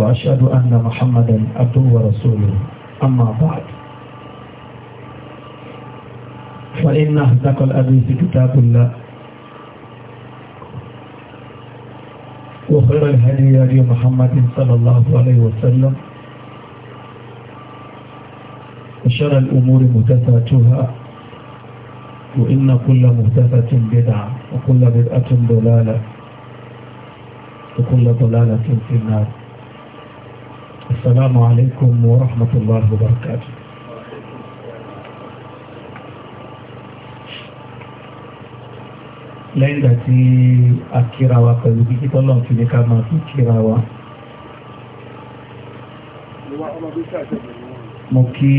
وأشهد أن محمدا عبده ورسوله أما بعد فإن أصدق الحديث كتاب الله وخير الهدي هدي محمد صلى الله عليه وسلم وشر الأمور مهتفاتها وإن كل مهتفة بدعة وكل بدعة ضلالة وكل ضلالة في النار السلام عليكم ورحمة الله وبركاته lẹ́yìn ìgbà tí a kíra wa pẹ̀lú kíkí tọ́lọ̀ fi ní ká máa fi kíra wa mo kí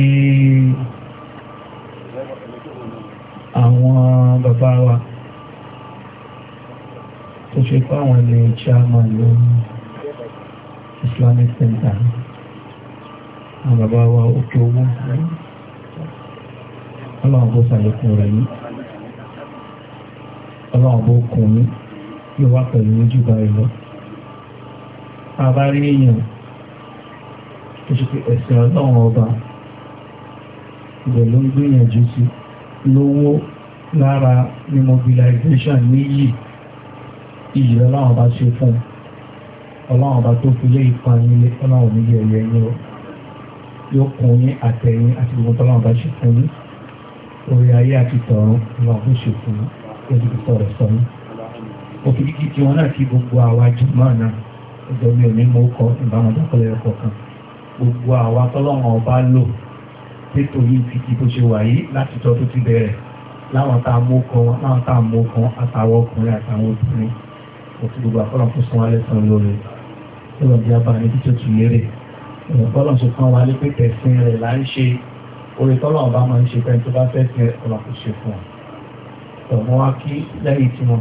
àwọn bàbá wa tó ṣe pé àwọn ilé chairman ló Islamic Center àwọn bàbá wa òkè owó ọlọ́run bó sàlékún rẹ̀ yìí ọlọ́run bó kùn mí yóò wá pẹ̀lú méjì báyìí lọ bàbá rí èèyàn tó ṣe ẹ̀sìn ọlọ́run ọba ibẹ̀ ló ń gbìyànjú sí lówó lára ní mobilization níyì iyì ọlọ́run ọba ṣe fún ọlọ́run ọba tó fi lé ìpanilé ọlọ́run níyì ẹ̀yẹ yìí o yóò kún yín àtẹ̀yìn àti gbogbo tọ́lá ọba ṣe fún yín orí ayé àti tọ̀run ìwà ọ̀hún ṣe fún yín lórí ìtọ̀rọ̀ sọ yín. òkè kíkí tí wọn náà kí gbogbo àwa jùmọ̀ náà ọjọ́ mi ò ní mú kọ ìbáwọn dákọ̀lẹ̀ ẹ̀kọ́ kan gbogbo àwa tọ́lá ọba lò tètò yìí ti di bó ṣe wà yìí láti tọ́ tó ti bẹ̀rẹ̀ láwọn tá a mú kan láwọn tá a mú kan àtàwọn ọkùnrin àtàwọn obìnrin òtún gbogbo àkọlọ́kùn sanwó-alẹ́ san lórí ọlọ́dún yá bá ní títí ó tún lérè ìrìnkọ́lọ̀ ṣe fún wa lé pé tẹ̀sìn rẹ̀ là ń ṣe orí tọ́lọ̀ ọba máa ń ṣe fẹ́ tó bá fẹ́ sin ọ̀nà kò ṣe fún ọ. tọ̀mọ́ wá kí lẹ́yìn tí mo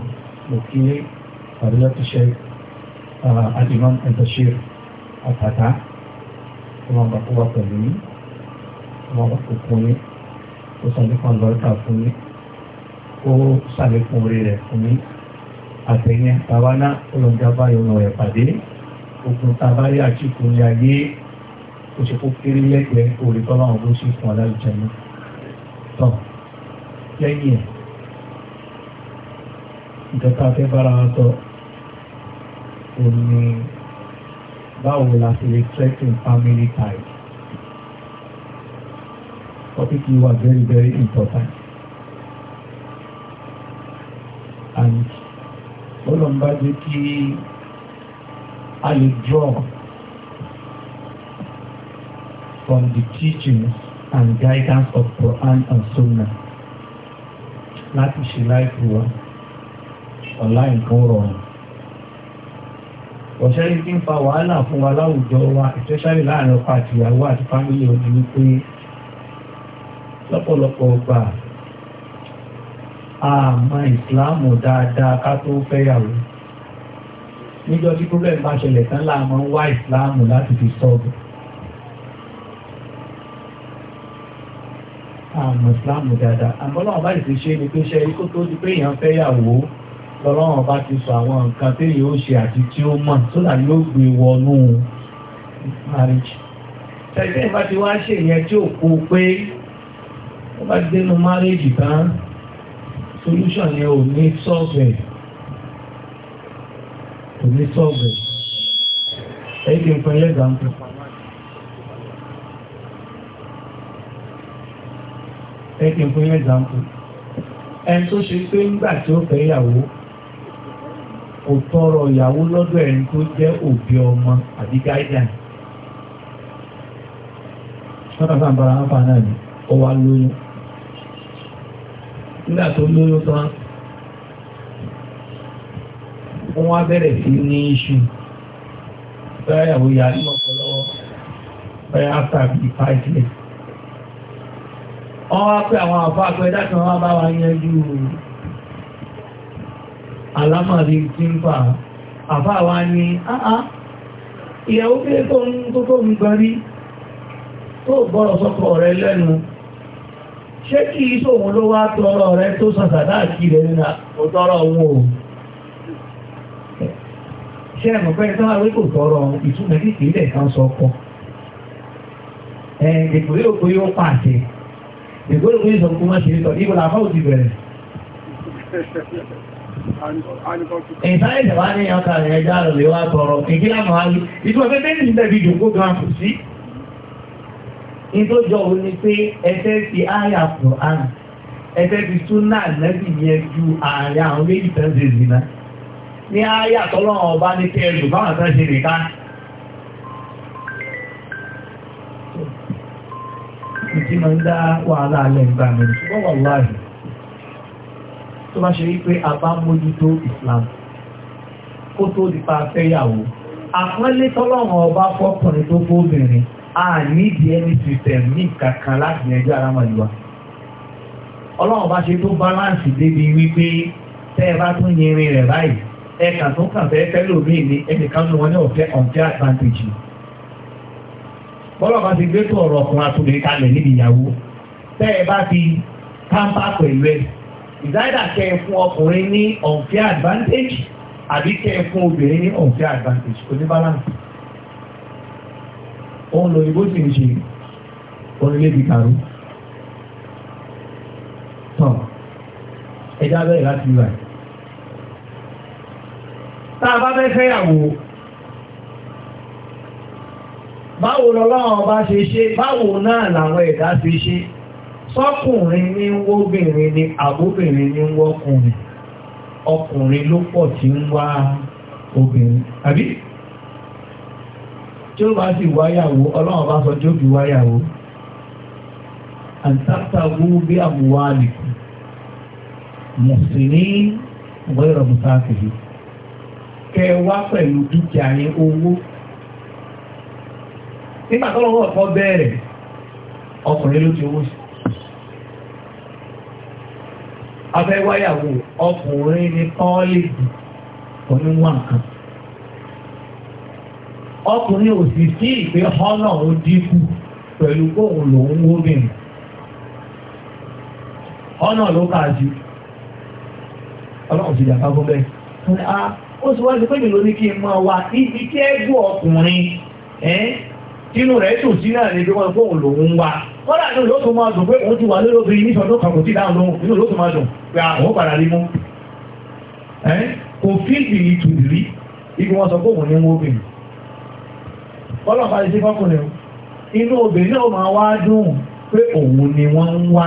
lò kí lé àdúrà tó ṣe àdìmọ́ ẹ̀dọ́ṣẹ́ àtàtà ọmọ ọba kó wá pẹ̀lú yìí ọmọ ọba kó kún yìí ó sàlékún àlọ́ríkà fún yìí ó sàlékún orí rẹ̀ fún yìí àtẹ̀yìn tàwa náà ó lọ́jà báyọ̀ lọ́ọ̀ ẹ̀ pàdé ogun tàbárí àtìkù ní ayé ó ṣe kó kéré lẹ́gbẹ̀ẹ́ òòrè tọ́lá àwọn ló ṣe fún aláìjẹ náà tán lẹ́yìn ẹ̀ ìjọba fẹ́ bára wa sọ òun ni báwo la ṣe lè strengthen family ties topic yìí wà very very important and ó lọ́n bá jẹ́ kí a lè draw from the teachings and guidance of Quran and Sunnah láti ṣe láìpẹ́ wa ọ̀la nǹkan rọrùn. ọ̀ṣẹ́ yìí ti ń fa wàhálà fún wa láwùjọ wa especially láàrin ọkọ àti ìyàwó àti fámìlì òní ni pé lọ́pọ̀lọpọ̀ ọgbà àmọ́ ìsìláàmù dáadáa ká tó fẹ́yàwó níjọ́ tí problem bá ṣẹlẹ̀ tán láàmú wá ìsìláàmù láti fi sọ́ọ̀bù. àmọ̀ ìsìláàmù dáadáa àmọ́ náà bá ìfi ṣe ni pé ṣe ikú tó di pé èèyàn fẹ́ yàwó lọ́lọ́run bá ti sọ àwọn nǹkan tí yóò ṣe àti tí ó mọ̀ tó là yóò gbé wọnú marriage. tẹ̀sí ìbá ti wá ṣe ìyẹn tí ò kó pé wọ́n bá dénú marriage tán solution ni ò ní sọ́ọ̀bẹ̀ ò ní sọ́ọ̀bẹ̀ ẹ̀yìn kí n fún ẹlẹ́gbàá ń ẹ̀kí fún yẹn ẹ̀zàmpù ẹni tó ṣe pé nígbà tí ó fẹ́ kò tọrọ ìyàwó lọ́dọ̀ ẹni tó jẹ́ òbí ọmọ àbí gáídà sọ́nà sàǹbàrà áfà náà ni ó wá lóyún nígbà tó lóyún tán wọ́n wá bẹ̀rẹ̀ sí ní iṣu áfà wọ́n wá pé àwọn àfá àpẹẹdá kan wá bá wa yẹjú alámọ̀rí tí ń fà àfá wa ní àá ìyàwó pé tó ń tó tó ń gbarí tó gbọ́rọ̀ sọ́kọ rẹ lẹ́nu ṣé kí ìṣòwò ló wá tọrọ rẹ tó sàtàdá kí rẹ nínú òtọrọ wọn o ṣé ẹ̀mọ̀ pé tó wáwé kò tọrọ ìtumẹ̀ ní ìpínlẹ̀ kan sọ kọ òkú yóò pàṣẹ ìgbóni kò yíṣọ kó máa ṣe tọ̀ níbo làbá ò ti bẹ̀rẹ̀. ìsáyẹ̀ ìjọba ní ọkà rẹ̀ ẹja rẹ̀ lè wá tọrọ èké lánàá wáyé ìtura pé bẹ́ẹ̀ ní ìdẹ̀bi ìjòkó gan kò sí. ìtòjọ́ wo ni pé ẹsẹ̀ ti àyà fún àná ẹsẹ̀ ti súnà lẹ́bí yẹn ju ààrẹ àwọn méjì tẹ́ ní àyà tọ́lọ́ ọba ní kẹrù báwọn kan ṣe nìkan tí máa ń dá wàhálà alẹ́ ìgbà mẹ́rin ṣùgbọ́n wà láàyè tó bá ṣe rí pé a bá mójútó Islam kó tó di pa fẹ́yàwó àpọ́nlé tọ́lọ́run ọba fọ́kùnrin tó fóbìnrin a nídìí ẹni system ní kankan láti yanjú ara mọ̀ ìwà ọlọ́run bá ṣe tó balance débi wípé tẹ́ ẹ bá tún yin irin rẹ̀ báyìí ẹ̀ka tó kàn fẹ́ fẹ́ lòmíì ní ẹnìkan ló wọn ní ọ̀fẹ́ ọ̀fẹ́ advantage yìí bọ́lọ̀ bá ti gbé tó ọ̀rọ̀ ọkùnrin àtòbìnrin kalẹ̀ níbi ìyàwó tẹ́ ẹ bá ti kámpá pẹ̀lú ẹ ìdáyàdà kẹ́ ẹ fún ọkùnrin ní unfair advantage àbí kẹ́ ẹ fún obìnrin ní unfair advantage kò ní balance òun lò ìbò sì ń ṣe orílẹ̀-èdè kàrú tán ẹja bẹ́ẹ̀ láti wà tá a bá fẹ́ fẹ́yàwó. báwo lọ́lọ́run bá ṣe ṣe báwo náà làwọn ẹ̀dá ṣe ṣe sọ́kùnrin ní wóbìnrin ni àbóbìnrin ní wọ́kùnrin ọkùnrin ló pọ̀ tí ń wá obìnrin àbí tí ó bá sì wáyàwó ọlọ́run bá sọ tí wáyàwó bí mùsùlùmí kẹ wá pẹ̀lú dúkìá ní owó nígbà tó ọ̀fọ́ bẹ̀rẹ̀ ọkùnrin ló ti wó sí afẹ́ ọkùnrin ní kọ́ọ̀lẹ́jì oníwà kan ọkùnrin ò sì sí ìpè họ́nà ó dínkù pẹ̀lú kóhùn lòún wóbìnrin họ́nà ló kà ọlọ́run ti dàgbà fún bẹ́ẹ̀ ah, ó sì wá sí pé mi ló ní kí n máa inú rẹ̀ dùn sí náà ní gbogbo ọgbọ́n lòun wa wọ́n ní olóòtú máa dùn pé òun ti wà lórí níṣọ́dún kan kò sí dáhùn lóhun inú olóòtú máa dùn pé àwọn ah, padà rí mú kò fi rí ibi wọn sọ pé ní wọ́n obìnrin fọ́kùnrin inú obìnrin náà máa wá dùn pé òun ni wọ́n ń wá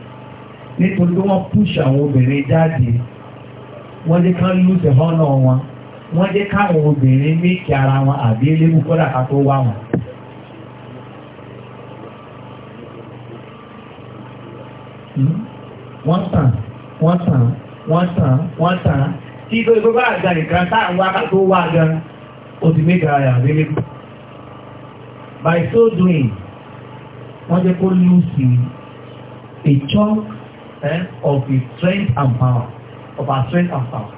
nítorí pé wọ́n push àwọn obìnrin jáde wọ́n jẹ́ wọn wọ́n jẹ́ káwọn obìnrin méjì ara wọn àbí eléwu kọ́dà ká tó wá wọn. Hmm? wọ́n tàn wọ́n tàn wọ́n tàn wọ́n tàn tí tó ikú bá àgbà nìkan táà ń wá tó wá gan ó ti by so doing wọ́n jẹ́ kó lùsì a chunk eh, of his strength and power of our strength and power.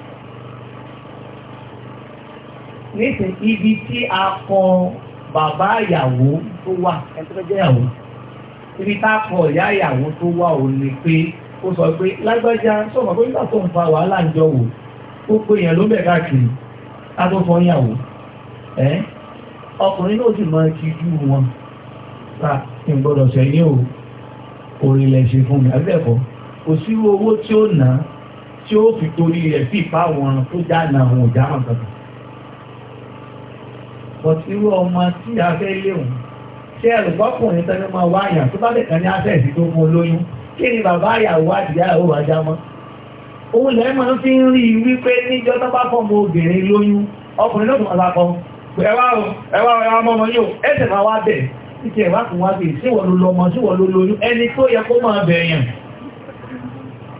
Listen, ibi tí a kọ bàbá ìyàwó tó wà ẹ̀ńtẹ́fẹ́jẹ́yàwó ibi tá a kọ ìyá ìyàwó tó wà ò ní pé ó sọ pé lágbájá sọ̀rọ̀ pé nígbà tó ń fa wàhálà ń jọ wò ó pé yẹn ló bẹ̀ káàkiri ká tó fọ ìyàwó ọkùnrin náà sì máa ti jú wọn ta ìgbọ́dọ̀ sẹ́yìn o orí lẹ̀ ṣe fún mi àbẹ́ẹ̀kọ́ kò sí owó tí ó ná tí ó fi torí rẹ̀ fi ìfá wọn tó já na àwọn ọ̀já wọn kankan. bọ̀tírú ọmọ tí a fẹ́ lé òun ṣé ẹ̀rù bọ́kùnrin tẹ́lẹ̀ máa wá àyàn tó bá lè kàn ní afẹ́ẹ̀sì tó fún olóyún kí ni bàbá àyàwó àdìyá ìyàwó àjá mọ́. òun lẹ́ máa fi ń rí i wípé níjọ́ tó bá fọ́mọ obìnrin lóyún ọkùnrin ló tún ọ̀la kan ẹwà o ẹwà wá bẹ̀ títí wá bẹ̀ síwọ̀ ló lọ́mọ síwọ̀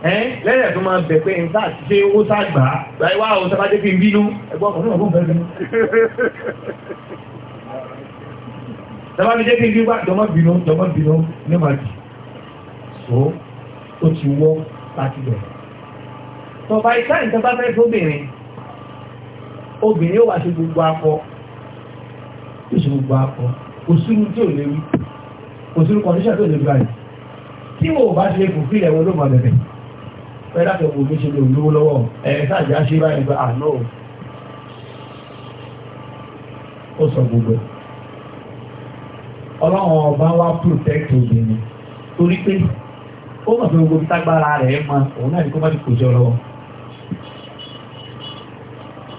lẹ́yìn tó máa bẹ̀ pé nǹkan àti ṣe ó sàgbà láì wá àwọn sábà débi bínú ẹgbọ́n kan náà fún bẹ́ẹ̀ bínú. sábà mi débi bí wá jọmọ́ bínú jọmọ́ bínú ní màá jì so ó ti wọ́ láti bẹ̀rẹ̀. tọ́ba ìta nǹkan bá fẹ́ fóbìnrin obìnrin ó wà sí gbogbo akọ ó sì gbogbo akọ kò sínú tí ò léwu kò sínú kọ̀ọ̀dúnṣà tó lè gbà yìí tí wọn ò bá ṣe kò fílẹ̀ wọn ló mọ̀ pẹ́lá kẹwò ní ṣe lè olówó lọ́wọ́ ẹ̀ẹ́sà jẹ́ ṣe báyìí pé àná ah, ó sọ gbogbo ọlọ́run ọba wa protect obìnrin torí pé ó mọ̀ pé gbogbo tágbára rẹ̀ mọ òun náà ní kó má ti kò jọ lọ́wọ́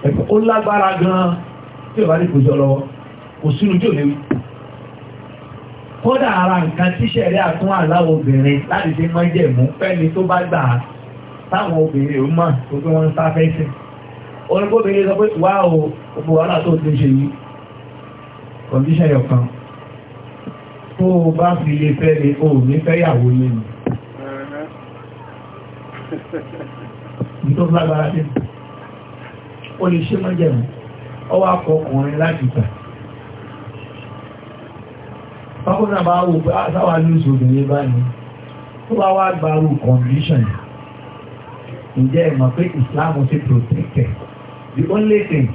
ẹ̀fọ́ ó lágbára gan-an tí ò bá ti kò jọ lọ́wọ́ kò sínú tí ò léwu kódà ara nǹkan tíṣẹ̀rí àtún àláwọ̀ obìnrin láti fi mọ́ fẹ́ni tó bá gbà á táwọn obìnrin ò mọ̀ tó pé wọ́n ń sáfẹ́ sí onígbóbìnrin sọ pé wá o gbogbo wàhálà tó ti ṣe yìí kọ̀ndíṣẹ̀ yọ̀kan tó o bá fi lè fẹ́ ni o ò ní fẹ́yàwó yìí ni nítorí lágbára dé ó lè ṣe mọ́jẹ̀mú ọwọ́ akọ ọkùnrin láti gbà bákan náà bá wò pé àtàwà ah, lóṣù obìnrin báyìí tó bá wá gbàrú kọ̀ndíṣẹ̀ yìí ǹjẹ́ ẹ mọ̀ pé Islam ti protected the only thing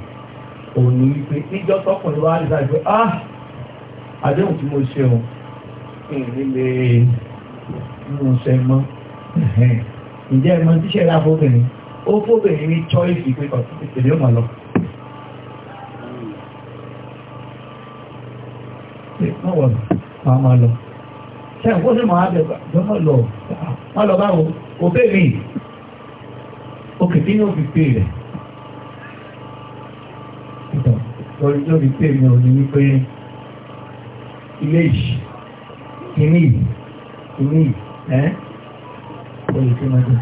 òun ni wípé níjọ́ tọkùnrin wa rí sáà pé ah àdéhùn tí mo ṣe o ìrìn lè mú un ṣe mọ́ ǹjẹ́ ẹ mọ̀ tíṣẹ́ rà fóbìnrin ó fóbìnrin ní choice ìpè ọ̀tún ìpèlè ọmọ lọ. wọ́n wọ̀ máa máa lọ. ṣé ìwọ́n sì máa bẹ̀ jọmọ́ lọ ah, máa lọ báwo kò bẹ́ẹ̀ mi òkè tí yóò fi pè rẹ̀ orí tó fi pè mí ò ní wípé ilé ìṣì kìíní kìíní ẹ́ orí tí wọ́n dùn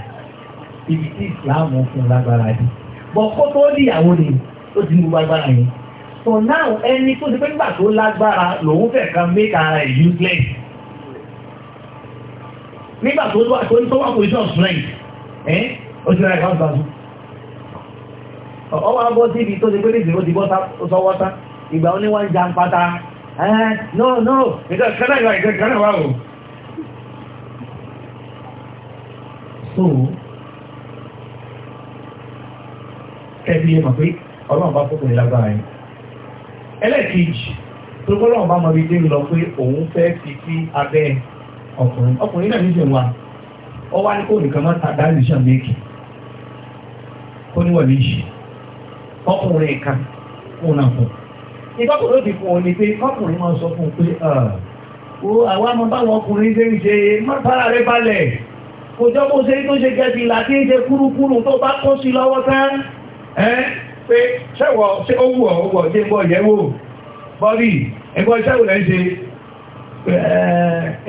ibi tí ìsìláàmù fún lágbára dé bọ̀ kó tó níyàwó ni ó ti ń gbogbo agbára yẹn so now ẹni tó ti pé nígbà tó lágbára lòun fẹ́ kan make ara ẹ̀ useless nígbà tó wà tó wà position strength oṣù náírà one thousand ọwọ́ abọ́ sí ibi tó ti pé ní ìṣòro ti bọ́ sọ́wọ́ta ìgbà ó ní wọ́n ń pátá ẹ́ẹ́ no no ìjọ ìkẹ́lẹ́ ìwà ìjọ ìkẹ́lẹ́ so kẹ́bí ẹ mọ̀ pé ọlọ́run bá fọ́kùnrin lágbára yẹn ẹlẹ́ẹ̀kejì tó gbọ́dọ̀ bá mọ ibi dé lọ pé òun fẹ́ fi sí abẹ́ ọkùnrin ọkùnrin náà ní ìṣèwà ọwọ́ á ní kó nìkan má dáìlì sàn kó ní wọ̀lé ọkùnrin kan fún náà fún nígbà tó lóde fún ọ ni pé ọkùnrin máa sọ fún un pé ó ah, àwa máa báwọn ọkùnrin ṣe ń ṣe má bára rẹ balẹ̀ kò jọ bó ṣe tó ṣe gẹ̀ẹ́sì láti ń ṣe kúrúkúrú tó bá kó sí lọ́wọ́ tán ẹ́ pé ṣẹ́wọ̀ ṣé ó wù ọ́ ó wọ̀ ṣe ń bọ̀ yẹ̀wò bọ́bí ẹgbọ́n ṣẹ́wọ̀ lẹ́ ṣe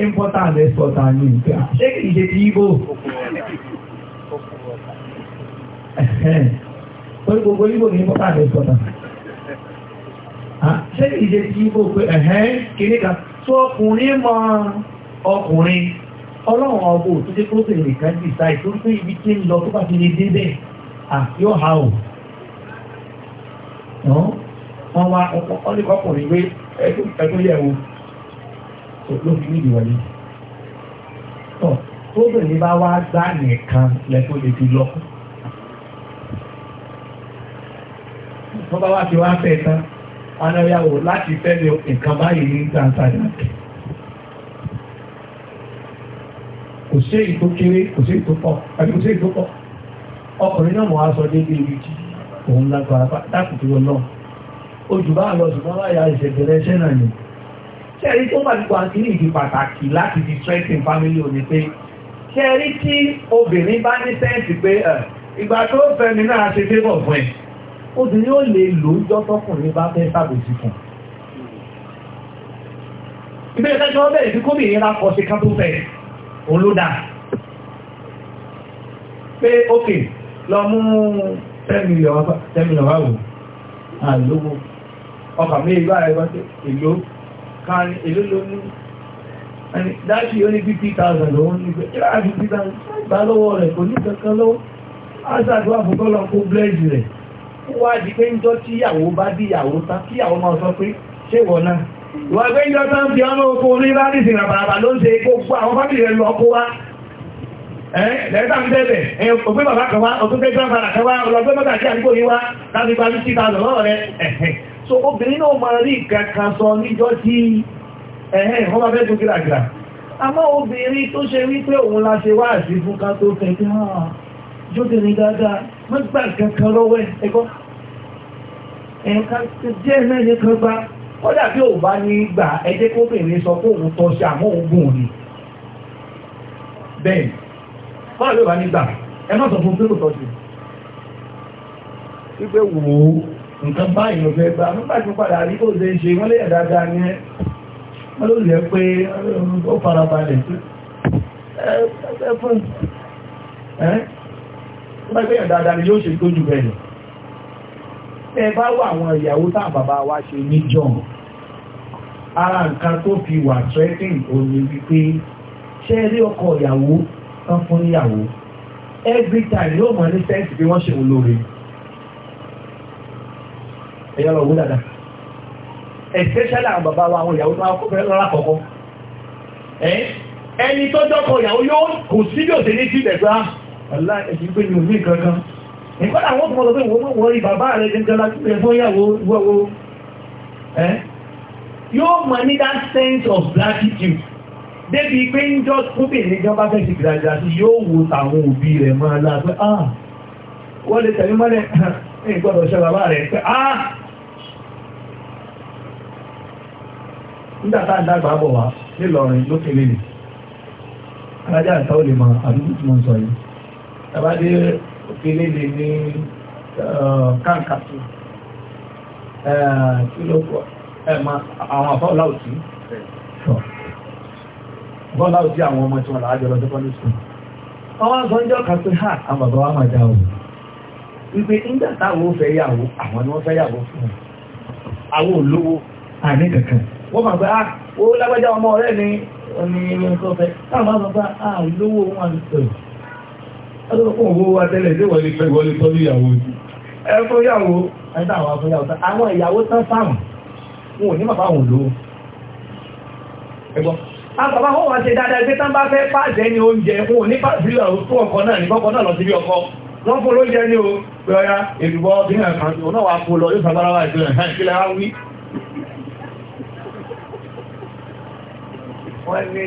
important exporter ní ìgbà ah, ṣé kìí ṣe ti ibo ó ní gbogbo ibo ní bọ́kà rẹ̀ sọ̀tà ṣé ìdè tí ibo pé ẹ̀hẹ́n kìíní kan tó ọkùnrin mọ ọkùnrin ọlọ́run ọgbọ́ tó dé kúrò tèlè kan jì sáì tó ń pé ibi tí ń lọ tó bá ti lè dé bẹ́ẹ̀ àti ọ̀há ò wọ́n wá ọlẹ́kọ̀ọ́kùnrin pé ẹgbẹ́ yẹ̀ wo ló fi nídìí wọlé tó bẹ̀rẹ̀ bá wá gbá nìkan lẹ́kọ̀ọ́ lè fi lọ́kùn wọ́n bá wá fi wá fẹ́ tán anáyàwó láti fẹ́ ní nǹkan báyìí ní tanzania kò sí èyí tó kéré kò sí èyí tó pọ̀ àbí kò sí èyí tó pọ̀ ọkùnrin náà mọ̀ á sọ déédéé ibi tí òun lágbára dákùn tó lọ náà ojú bá lọ ṣùgbọ́n láyà ìṣẹ̀bẹ̀rẹ̀ iṣẹ́ náà ni ṣẹ́rí tó bá nípa ní ìdí pàtàkì láti di strengthen family òní pé ṣẹ́rí tí obìnrin bá ní sẹ́ǹsì pé ìgbà tó fẹ́mi náà ṣe fébọ̀ fún ẹ̀ obìnrin ó lè lò ó jọ́tọ́kùnrin bá fẹ́ sàbòsí fún ìbẹ̀rẹ̀ tẹ́jọ́ bẹ̀rẹ̀ tí kóbìnrin rá kọ́ sí kápó fẹ́ pé ókè lọ 10 million wáwò àlówó ọkà mi ìlú ààrẹ wá sí ìlú kan ló ní dájú ó ní 50,000 lòun ní pé ìlú àti 50,000 bá lọ́wọ́ rẹ̀ kò ní kankan lọ́wọ́ wá di pé ń jọ tí ìyàwó bá bí ìyàwó tán kí ìyàwó máa sọ pé ṣé wọ náà wà pé ìjọ tán fi ọmọ oko ní bá ní ìsìn ràbàràbà ló ń ṣe gbogbo àwọn fábìlì rẹ̀ lọ kó wá lẹ́ẹ̀ta ń bẹ̀bẹ̀ òfin bàbá kan wá òfin fẹ́ gbàmàrà kan wá ọlọ́gbẹ́ so obìnrin náà máa rí kankan sọ níjọ́ tí ẹ̀hẹ́ wọ́n bá fẹ́ tó gíràgìrà àmọ́ obìnrin tó ṣe wípé òun la ṣe wá jóbìnrin dáadáa mọ́gbà kankan lọ́wọ́ ẹ̀kọ́ ẹ̀ka jẹ́ mẹ́rin kan bá kọ́dà bí ò bá ní gbà ẹjẹ́ kóbìnrin sọ pé òun tọ́ sí àmọ́ òun gùn ni bẹ́ẹ̀ kọ́dà bí ò bá ní gbà ẹ má sọ fún pé kò tọ́ sí wípé wò ó nǹkan báyìí ló fẹ́ gbà nígbà tí padà rí kó ṣe ń ṣe wọ́n lè yà dáadáa ní ẹ́ wọ́n ló lẹ́ pé ó farabalẹ̀ ẹ fún ẹ bá dáadáa ni yóò ṣe tó jù bẹ́ẹ̀ ẹ bá wà àwọn ìyàwó tá bàbá wa ṣe ní john ara nǹkan tó fi wà threatening òní wípé ṣé rí ọkọ ìyàwó tán fún ìyàwó every time yóò mọ ní sẹ́ǹsì bí wọ́n ṣe wò lóore ẹ̀yà lọ wó dáadáa especially àwọn bàbá wa àwọn ìyàwó tó wá kó fẹ́ lọ́la kọ̀ọ̀kan ẹni tó dọ́kọ̀ ìyàwó yóò kò sí yóò ní sí ìdẹ̀gbá ọ̀lá ẹ̀sìn pé ní omi kankan nǹkan àwọn ọmọ ọ̀dọ́ pé wọ́n wọ́n rí bàbá rẹ̀ jẹjẹ lápẹ́ fún ìyàwó wọ́wọ́ ẹ́ yóò mọ̀ ní that sense of gratitude débi pé ń jọ kúbìnrin jọ bá fẹ́ẹ́ sì gbìyànjú sí yóò wo tàwọn òbí rẹ̀ máa la pé ah wọ́n lè tẹ̀lé mọ́lẹ̀ ní gbọ́dọ̀ ṣe bàbá rẹ̀ pé ah nígbà tá à ń dàgbà bọ̀ wá nílọrin lókèlè ni alájà ìta ó lè mọ àdúgbò tí wọ́n sọ yìí tàbádé òkèlè lè ní kánkàtù kí ló pọ̀ eh, àwọn àbọ́ọ̀lá òtí àbọ́ọ̀lá òtí àwọn ọmọ tí wọ́n làájọ lọ sẹ́kọ́ndì skul àwọn àgbọ́njọ́ kan pé ha àwọn bàbá wa máa já o wípé nígbà táwọn ò fẹ́ yàwó àwọn ni wọ́n fẹ́ yàwó fún àwọn olówó àní kankan wọ́n máa gbé ah ó lágbájá ọmọ ọ̀rẹ́ ni ó ní ẹni tó fẹ́ táwọn bá sọ pé ah olówó wọn ń sọ̀rọ̀ ọdún owó wa tẹ́lẹ̀ tí wọ́n lè fẹ́ wọ́n lè tọ́jú ìyàwó ni ẹ fọ́yàwó ẹ̀dá àwọn afọ́yàwó tán àwọn ìyàwó tán fáàmù wọn ò ní bàbá wọn lò ó ẹgbọ́n àbàbá wọn wá ṣe dáadáa ẹgbẹ́ tán bá fẹ́ pàṣẹ ní oúnjẹ wọn ò ní pàṣẹ fún ọkọ náà ní kọ́kọ́ náà lọ síbi ọkọ wọ́n fún lóúnjẹ ní o pé ọya èlùbọ́ bíi ẹ̀kan òun náà wà fún lọ yóò sábára wà ìpínlẹ̀ ìpínlẹ̀ á wí. wọ́n ní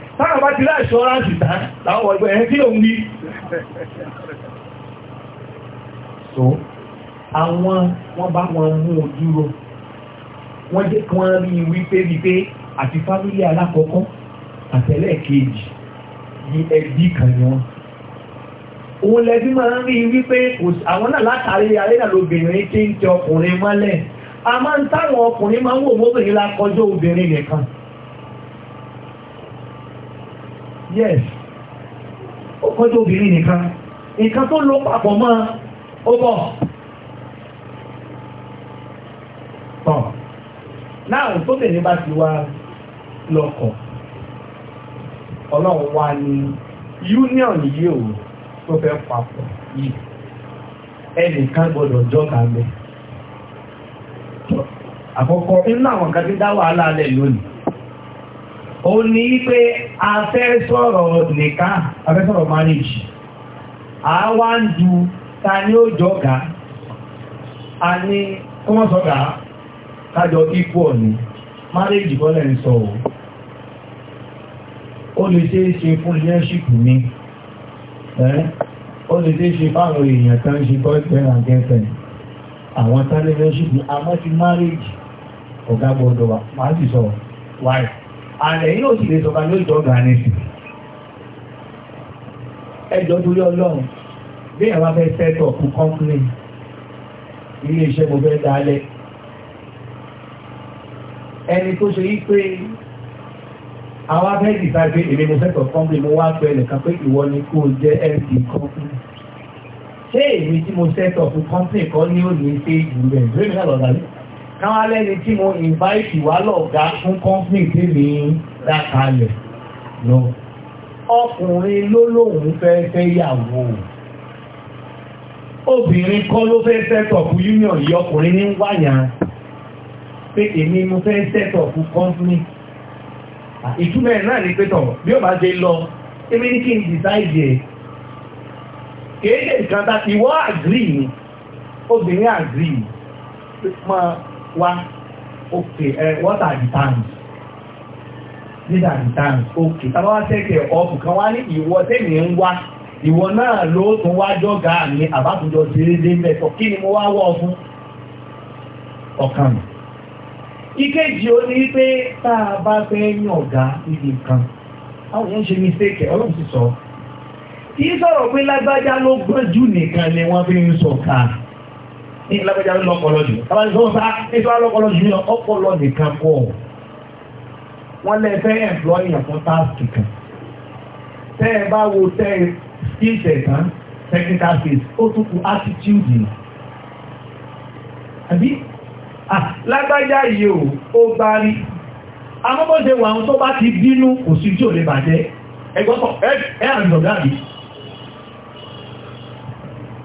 táwọn bá ti láìṣọ́ ránṣì tán láwọn ọ̀gbẹ̀ ẹ̀hẹ́ kí ló ń wí so àwọn wọ́n bá wọn mú dúró wọ́n jẹ́ kí wọ́n rí wípé wípé àti fámílì alákọ̀ọ́kọ́ àtẹlẹ́ẹ̀kejì ní ẹbí kan ni wọ́n òun lẹ́bí máa ń rí wípé àwọn náà látàrí arénà lóbìnrin tí ń tẹ ọkùnrin mọ́lẹ̀ a máa ń táwọn ọkùnrin máa ń wò mọ́bìnrin lákọjọ́ obìnrin nìkan yes ó kọjú obìnrin nìkan nǹkan tó ló papọ̀ mọ́ ó bọ̀ tọ̀ náà tó bèrè bá ti wá lọ́kọ̀ ọlọ́run wá ní union yìí ò tó fẹ́ papọ̀ yìí ẹnìkan gbọ́dọ̀ jọ́ka mẹ́ àkọ́kọ́ nínú àwọn kan ti dá wàhálà alẹ́ lónìí ó ní pé a fẹ́ sọ̀rọ̀ nìka a fẹ́ sọ̀rọ̀ a wá ń du ta ni ó jọ̀gá a ní kọ́mọ́sọ̀gá kájọ ikú ọ̀nì marriage kọ́lẹ̀ ń sọ ó lè ṣe é ṣe fún leadership mi ó lè ṣe é ṣe fáwọn èèyàn kan ṣe boyfriend and girlfriend àwọn tán leadership ni a mọ́ ti marriage ọ̀gá gbọ́dọ̀ wà máa sì sọ wife ààrẹ yóò sì lè sọ̀ka ló ìjọba ní sí ẹjọ́ tó yọ lọ́rùn bí ẹ̀rọ afẹ́ sẹ́tọ̀ kú kọ́ńpìlì ilé iṣẹ́ mo fẹ́ dálẹ̀ ẹni tó ṣe yí pé àwọn afẹ́ dìgbà pé èmi mo sẹ́tọ̀ kọ́ńpìlì mo wá pẹ́ nìkan pé ìwọ ni kó o jẹ́ md kọ́ńpìlì ṣé èmi tí mo sẹ́tọ̀ kú kọ́ńpìlì kan ní òní ṣe jù rẹ̀ lórí mi náà lọ́dà yìí káwọn alẹ́ni tí mo invite wá lọ̀gá fún company tí mi dá kalẹ̀ lọ ọkùnrin ló lóun fẹ́ fẹ́ yàwó obìnrin kọ́ ló fẹ́ sẹ́tọ̀pù union yìí ọkùnrin ní wáyà pé èmi mo fẹ́ sẹ́tọ̀pù company ìtumọ̀ ẹ̀ náà ni pé tọ̀ bí ó bá ṣe lọ èmi ní kí n decide ẹ̀ kéde nǹkan tá ìwọ agree obìnrin agree máa One, okay. ẹ eh, what are the times? these are the times, okay. tábà wá tẹ́kẹ̀ ọkùn kan wá ní ìwọ tẹ́mi ń wá ìwọ náà ló tún wá jọ́gà mi àbátúnjọ déédéé mẹ́tọ̀ kí ni mo wá wọ́ fún ọ̀kan mi. ìkejì ó ní pé tá a bá fẹ́ yàn ọ̀gá ibi kan àwọn èèyàn ṣe mistake ọlọ́run ti sọ kì í sọ̀rọ̀ pé lágbájá ló gbọ́n jù nìkan ni wọ́n fi ń sọ káà ní lágbẹ́jà ló lọ́pọ̀lọ́ jù tàbí tó ń sá ìfẹ́ ah, lọ́pọ̀lọ́ jù ní ọpọlọ nìkan pọ̀ wọ́n lẹ fẹ́ ẹ̀mplọ́yìn fún táàsì kan tẹ́ ẹ bá wo tẹ́ ẹ skills ẹ̀ tán technical skills ó tún kù attitude àbí lágbájá yìí ò ó bá rí amọ́bọ̀dé wà tó bá ti bínú kò sí tí ò lè bàjẹ́ ẹgbọ́sọ̀ ẹ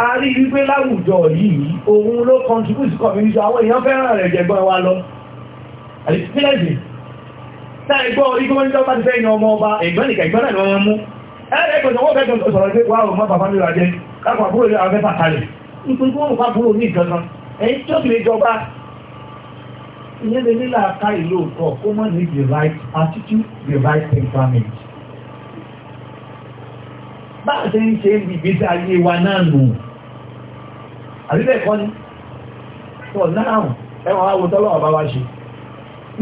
a rí wípé láwùjọ yìí òun ló contribute community àwọn èèyàn fẹ́ràn rẹ̀ jẹ̀gbọ́n wa lọ àdìsílẹ̀sì táà ìgbọ́ orí kí wọ́n ní tọ́pá ti fẹ́ ìyàn ọmọ ọba ẹ̀gbọ́n nìkan ìgbọ́n náà ni wọ́n mú ẹ̀rẹ́ ìgbọ̀nsọ̀ wọ́n fẹ́ sọ̀rọ̀ pé wà ó mọ́ bàbá mi rà jẹ́ káàkùn àbúrò ilé àwọn mẹ́fà kalẹ̀ nítorí wọ́n fà búrò ní ìjọba ẹ̀yìn tí ó sì lè jọba ìyẹn lè nílà ká ìlú òkọ kó mọ̀ ní the right attitude the right temperament bá a ṣe ń ṣe ìgbésí ayé wa náà nù àbíbẹ̀ ẹ̀kọ́ ni tọ̀ náà ẹwọ̀n àwọn tọ́lọ́wọ̀ bá wá ṣe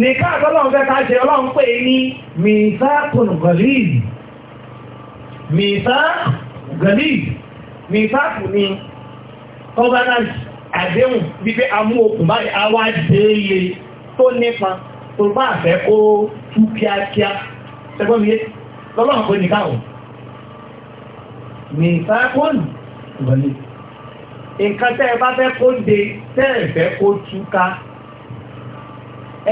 nìká àtọ́lọ́wọ̀ fẹ́ ká ṣe ọlọ́run pè ní mìíta kùnùgọ̀lìd mìíta gọ̀lìd mìíta kù ni covenant àdéhùn wípé amú okùn báyìí awá déèlé tó nípa tó bá fẹ́ kó tú kíákíá ṣẹgbọ́n mi lọ́lọ́run pè nìká ọ̀ mìíta kùnùgọ̀lìd nǹkan tẹ́ ẹ bá fẹ́ kó de tẹ́ ẹ fẹ́ kó túká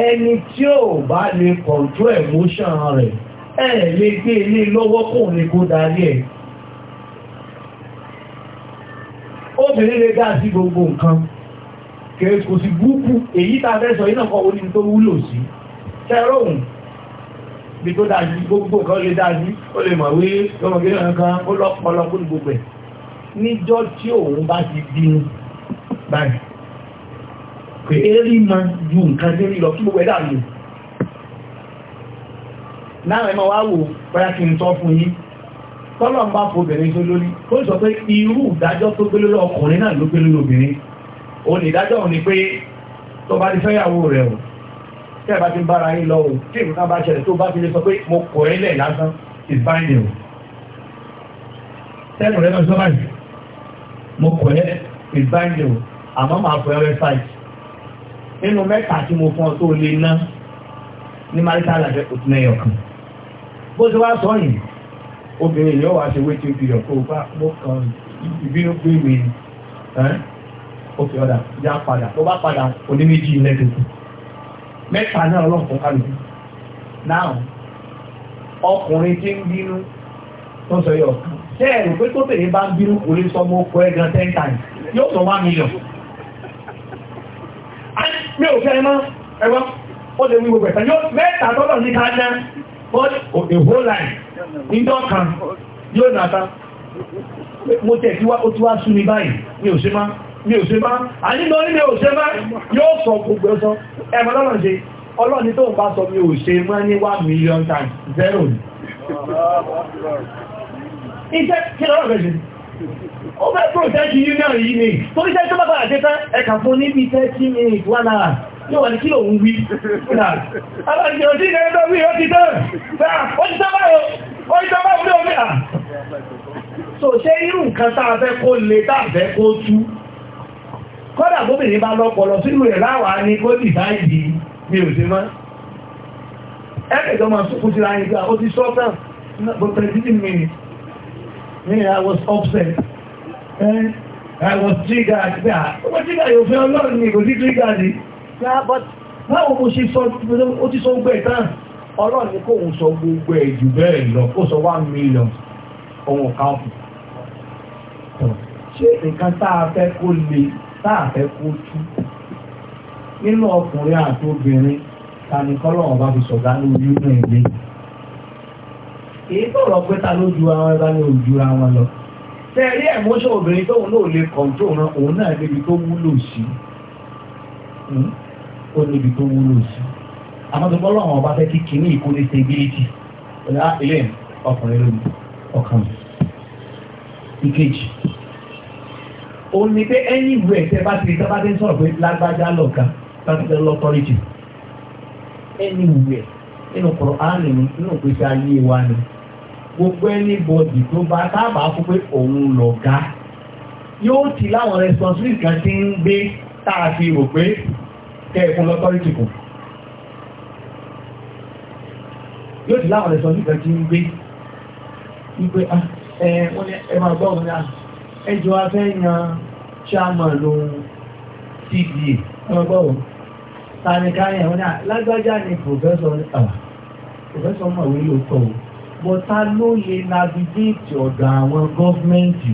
ẹni tí ò bá lè control emotion rẹ̀ ẹ lè gbé ilé lọ́wọ́ kò ní kó darí ẹ̀ obìnrin lè dá sí gbogbo nǹkan kèrè kò sí gúúkú èyí tá a fẹ́ sọ yìí náà kọ́ orí tó wúlò sí tẹ́rọ̀hùn bí tó dájú gbogbo nǹkan lè dájú ó lè mọ̀ wí lọ́mọgé náà ó lọ́pọ̀lọpọ̀ ní gbogbo ẹ̀ níjọ́ tí òun bá ti bínú báyìí pé erí ma ju nǹkan lérí lọ kí gbogbo ẹ̀dà lò láàrin ma wá wò bóyá kí n tọ́ fún yín tọ́lọ̀ ń bá fòbìnrin tó lórí ó sọ pé irú ìdájọ́ tó gbé lórí ọkùnrin náà ló gbé lórí obìnrin òun ìdájọ́ ni pé tó bá ti fẹ́yàwó rẹ̀ o tí ẹ̀ bá ti ń bára yín lọ o tí ìrùkà bá ṣẹlẹ̀ tó bá ti lè sọ pé mo kọ̀ ẹ́ lẹ̀ lásán is o tẹ́lù rẹ̀ lọ sọ báyìí mo kọ̀ ẹ́ ìbáyìí o àmọ́ máa kọ̀ ẹ́ wẹ́bsáìtì nínú mẹ́ta tí mo fún ọ tó lè ná ní marita alàjẹ kò tún ẹyọ kan bó ti wá sọ yìí obìnrin yóò wá ṣe wéjì bílíọ̀ kó o bá mo kàn ìbínú gbé mi ó fi ọ̀dà já padà tó bá padà oníméjì lẹ́dọ̀kù mẹ́ta náà ọlọ́pàá kálukú náà ọkùnrin tí ń bínú tó sọ yọ kan ṣé ẹ̀rù pé tó tèrè bá ń bínú kò lè sọ mọ́ ọkọ̀ ẹ̀gàn ten times yóò sọ one million. mi ò fẹ́ ẹ mọ́ ẹgbọ́n ó lè wí gbogbo ẹ̀sán yóò mẹ́ta tọ́lọ̀ ní kájá but the whole line ìjọ kan yóò nàta mo tẹ̀ kí ó ti wá sú mi báyìí mi ò ṣe má mi ò ṣe má àníjọ ní mi ò ṣe má yóò sọ gbogbo ẹ̀sán ẹ̀mọ́ lọ́nà ṣe ọlọ́ni tó ń bá sọ mi ò ṣe má ní one million times zero ni iṣẹ́ kílọ́rọ̀ rẹ̀ jù ó fẹ́ protẹ́jì union yìí ni tó iṣẹ́ tó bá bára jẹ́ tán ẹ̀kà fún níbi iṣẹ́ tí ní ìwà náà yóò wà ní kílò ń wí so ṣe irú nǹkan tá a fẹ́ kó lè tá a fẹ́ kó tú kọ́dà gómìnà bá lọ́pọ̀lọ́ sínú rẹ̀ láwà ní kó dìbáìdì mi ò sí mọ́ ẹgbẹ̀gbọ́n ma sókùn sí láyé gbà ó ti sọ́pẹ́ me, I was upset. Eh? I was triggered. Yeah, what Ọmọ trigger yóò fẹ́ ọlọ́run ni kò sí trigger ni. Báwo mo ṣe sọ ó ti sọ gbogbo ẹ̀ tán? Ọlọ́run ni kò ń sọ gbogbo ẹ̀ jù bẹ́ẹ̀ lọ, ó sọ one million ohun káàkùn. Ṣé nǹkan tá a fẹ́ kó le, tá a fẹ́ kó tú? Nínú ọkùnrin àti obìnrin, ta ni kọ́lọ́run bá fi sọ̀dá lórí inú ìlé? kìí sọ̀rọ̀ pé ta ló ju àwọn ní wọn lọ tẹ́rí ẹ̀mọ́ṣọ́ obìnrin to náà lè kọ̀ǹtò ran òun náà níbi tó wúlò sí hmm? ó níbi tó wúlò sí àmọ́tòkọ́ lọ́wọ́ ọba fẹ́ kí kìíní stability ah, ilé ọkùnrin lónìí ọkàn ìkejì ni pé ẹni ìwé ẹ̀tẹ́ bá ti sábà ti ń sọ̀rọ̀ pé lágbájá lọ́ka pàṣẹ lọ́tọ́rìtì ẹni ìwé gbogbo anybody tó bá dábà fún pé òun lọ̀gá yóò ti láwọn responsibility kan ti ń gbé tá a fi rò pé kẹ́ẹ̀kún lọ́tọ́rìtì kù yóò ti láwọn responsibility kan ti ń gbé wípé ah, wọ́n ní ẹ máa gbọ́ òun náà ah, ẹjọ́ afẹ́ yan chairman lòun cba ẹ máa gbọ́ òun tani káyọ̀ òun náà ah, lágbájá ni professor professor mọ̀ wí lóòótọ́ òun bọ́tá ló lè navigate ọ̀dọ̀ àwọn gọ́ọ̀mẹ́ǹtì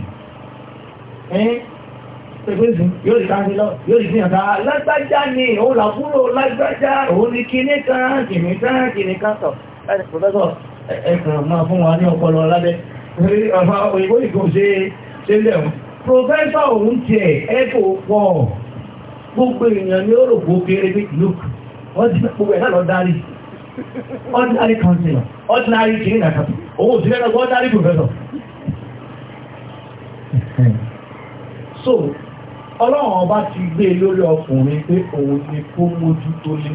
pẹ̀lú yóò rí káàkiri lọ yóò rí fíyàn káà lágbájá ni òun làbúrò lágbájá òun ní kíní kan kìní kan kìní kan tọ̀ láti pọ̀tọ́tọ̀ ẹ̀kàn máa fún wa ní ọpọlọ lábẹ́ ọmọ òyìnbó ìkó ṣe ṣe lẹ́wọ̀n pòfẹ́sọ̀ òun tiẹ̀ ẹ̀kọ́ pọ̀ gbogbo èèyàn ni ó rò gbogbo eré bí look wọ́n ti gbogbo ẹ̀ náà lọ darí ordinary counselor ordinary kìnnìkan kan òun ò sí lẹ́nu ordinary professor so ọlọ́run ọba ti gbé e lórí ọkùnrin pé òun ni kó mójú tó lé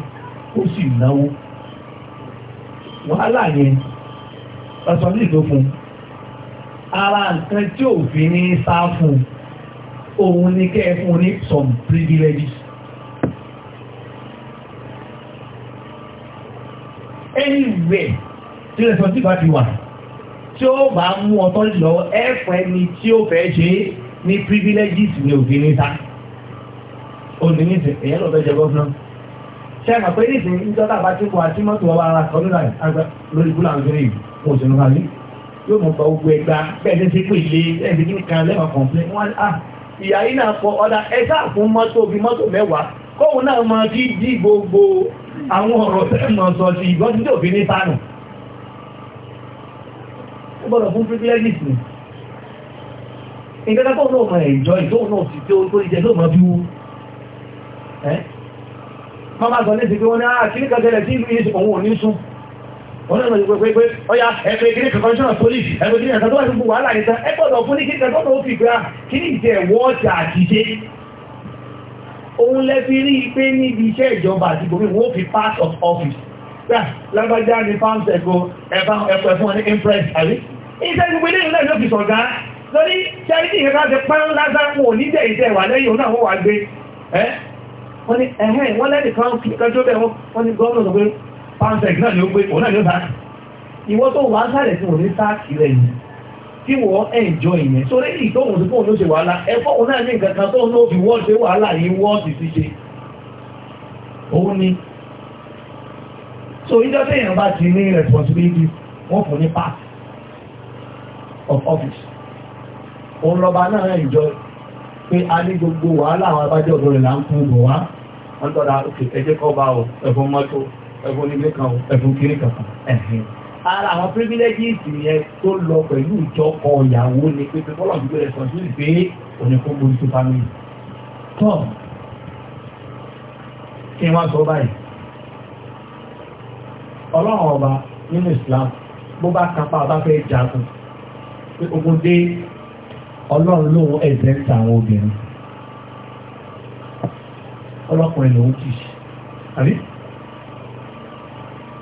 ó sì náwó wàhálà yẹn ọ̀sọ̀dí tó fún ara nǹkan tí òfin ní sá fún òun ni kẹ́ ẹ fún ní some privileges anywhere tí responsibility bá ti wà tí ó bá mú ọtọ́ lọ ẹ̀fọ́ ẹni tí ó fẹ́ ṣe ní privileges ní òfin níta òní nísìn èyàn lọ fẹ́ jẹ gọ́fúnà ṣe é mọ̀ pé nísìn níjọ́ tá a bá ti kọ́ àti mọ́tò ọba ara kan nílà àgbà lórí búlà ń sẹ́yìn kò sínú ká lé yóò mọ̀ gba gbogbo ẹgbà bẹ́ẹ̀ ṣe pé ilé ẹ̀ ṣe kí ni kan lẹ́wọ̀n kọ̀ǹpé wọ́n á ah, ìyá yìí náà kọ ọ̀dà ẹ̀ sáà fún mọ́tò bíi mọ́tò mẹ́wàá kóun náà máa kí dí gbogbo àwọn ọ̀rọ̀ tẹ́ mọ̀ sọ sí ìgbọ́n tí òfin ní tánù ó gbọ́dọ̀ fún ni ìgbẹ́ta kó náà mọ̀ ìjọ ìjọ náà ti tó tó tó mọ̀ bí wú ẹ́ máa sọ ní àà ah, kí ní tí òun ò ní sún wọ́n náà lọ́jọ́ pé pé ẹgbẹ́ ìgbẹ́ kọ̀kọ́ṣọ́nà ẹgbẹ́ ìgbẹ́ ìgbẹ́ ìgbẹ́ ìgbẹ́ ìgbẹ́ ìgbẹ́ ìgbẹ́ ìgbẹ́ ìgbẹ́ ìgbẹ́ ìgbẹ́ ìgbẹ́ ìgbẹ́ ìgbẹ́ ìgbẹ́ ìgbẹ́ òun lẹ́fi rí pé níbi iṣẹ́ ìjọba àti gbòmí wọ́n fi part of office lágbàjá ní farmsẹ̀kọ́ ẹ̀fẹ́ fún ẹni impress àrí iṣẹ́ gbogbo ilé ìlú lẹ́yìn òfìsọ̀ lórí charity ìrẹ́ká ti pán lásánwò oníjẹ̀ ìjẹ́ ìwà lẹ́yìn òun àwọn wà gbé wọ́n ní ẹ̀hẹ́ wọ́n lẹ́nì kan kẹjọ́ bẹ̀ wọ́n ní gọ́ọ̀nà sọ pé farmsẹ̀k náà ni ó gbé òun náà ni ó bá ìwọ́n kí wọ́n ẹ̀jọ ìyẹn sórí èyí tó wọ́n tó wọ́n ló ṣe wàhálà ẹ̀fọ́ òun náà ní nǹkan kan tó ló fi wọ́n ṣe wàhálà yìí wọ́n ti ti ṣe òun ni so ìjọ tí èèyàn bá ti ní responsibility wọ́n fún ní part of office òun lọ́ba náà ìjọ pé a ní gbogbo wàhálà àwọn abájọ́ ọ̀dọ́ rẹ̀ là ń kún bọ̀ wá wọ́n tọ́ra òkè ẹjẹ́ kọ́ bá ẹ̀fọn mọ́tò ẹ̀fọn onígbé kan ẹ̀fọn kiri kankan ẹ̀hìn ara àwọn privileges yẹn tó lọ pẹ̀lú ìjọkọ̀ ìyàwó ni pé pé bọ́lá ìdúgbò rẹ̀ sọ̀tún ìgbé oníkó borí tó family. tọ́ kí n wá sọ báyìí ọlọ́run ọba nínú Islam bó bá kápá ọba fẹ́ jagun pé ogun dé ọlọ́run lóun ẹ̀jẹ̀ ń ta àwọn obìnrin ọlọ́kùnrin lòun kì í àbí.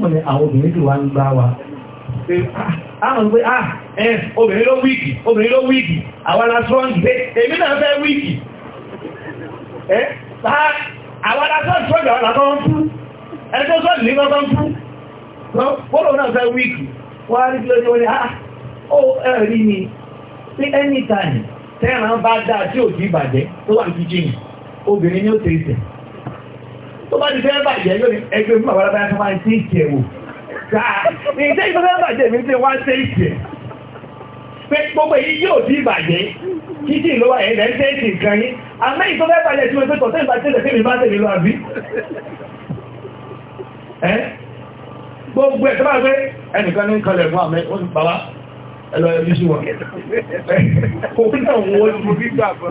wọ́n ní àwọn obìnrin ń gbá wa àwọn ah, pé ah ẹ obìnrin ló wíìkì obìnrin ló wíìkì àwọn asọ́n gbé èmi náà fẹ́ wíìkì ẹ àwọn asọ́n sọ́jọ́ àwọn asọ́n fún sọ́jọ́ fún náà fẹ́ wíìkì wọ́n rí ní ah ó ni bá dáa tí ò tó bá ti fẹ́ bàjẹ́ yóò ní ẹgbẹ́ fún àwọn alábáyá tó máa ń tí ìkẹ̀ wò káà ní iṣẹ́ ìfẹ́ bàjẹ́ mi ti wá gbogbo èyí yóò gbé ẹnìkan ní kọlẹ̀ fún àmẹ́ ó ti bàbá ẹlọ ẹbí sí wọn kò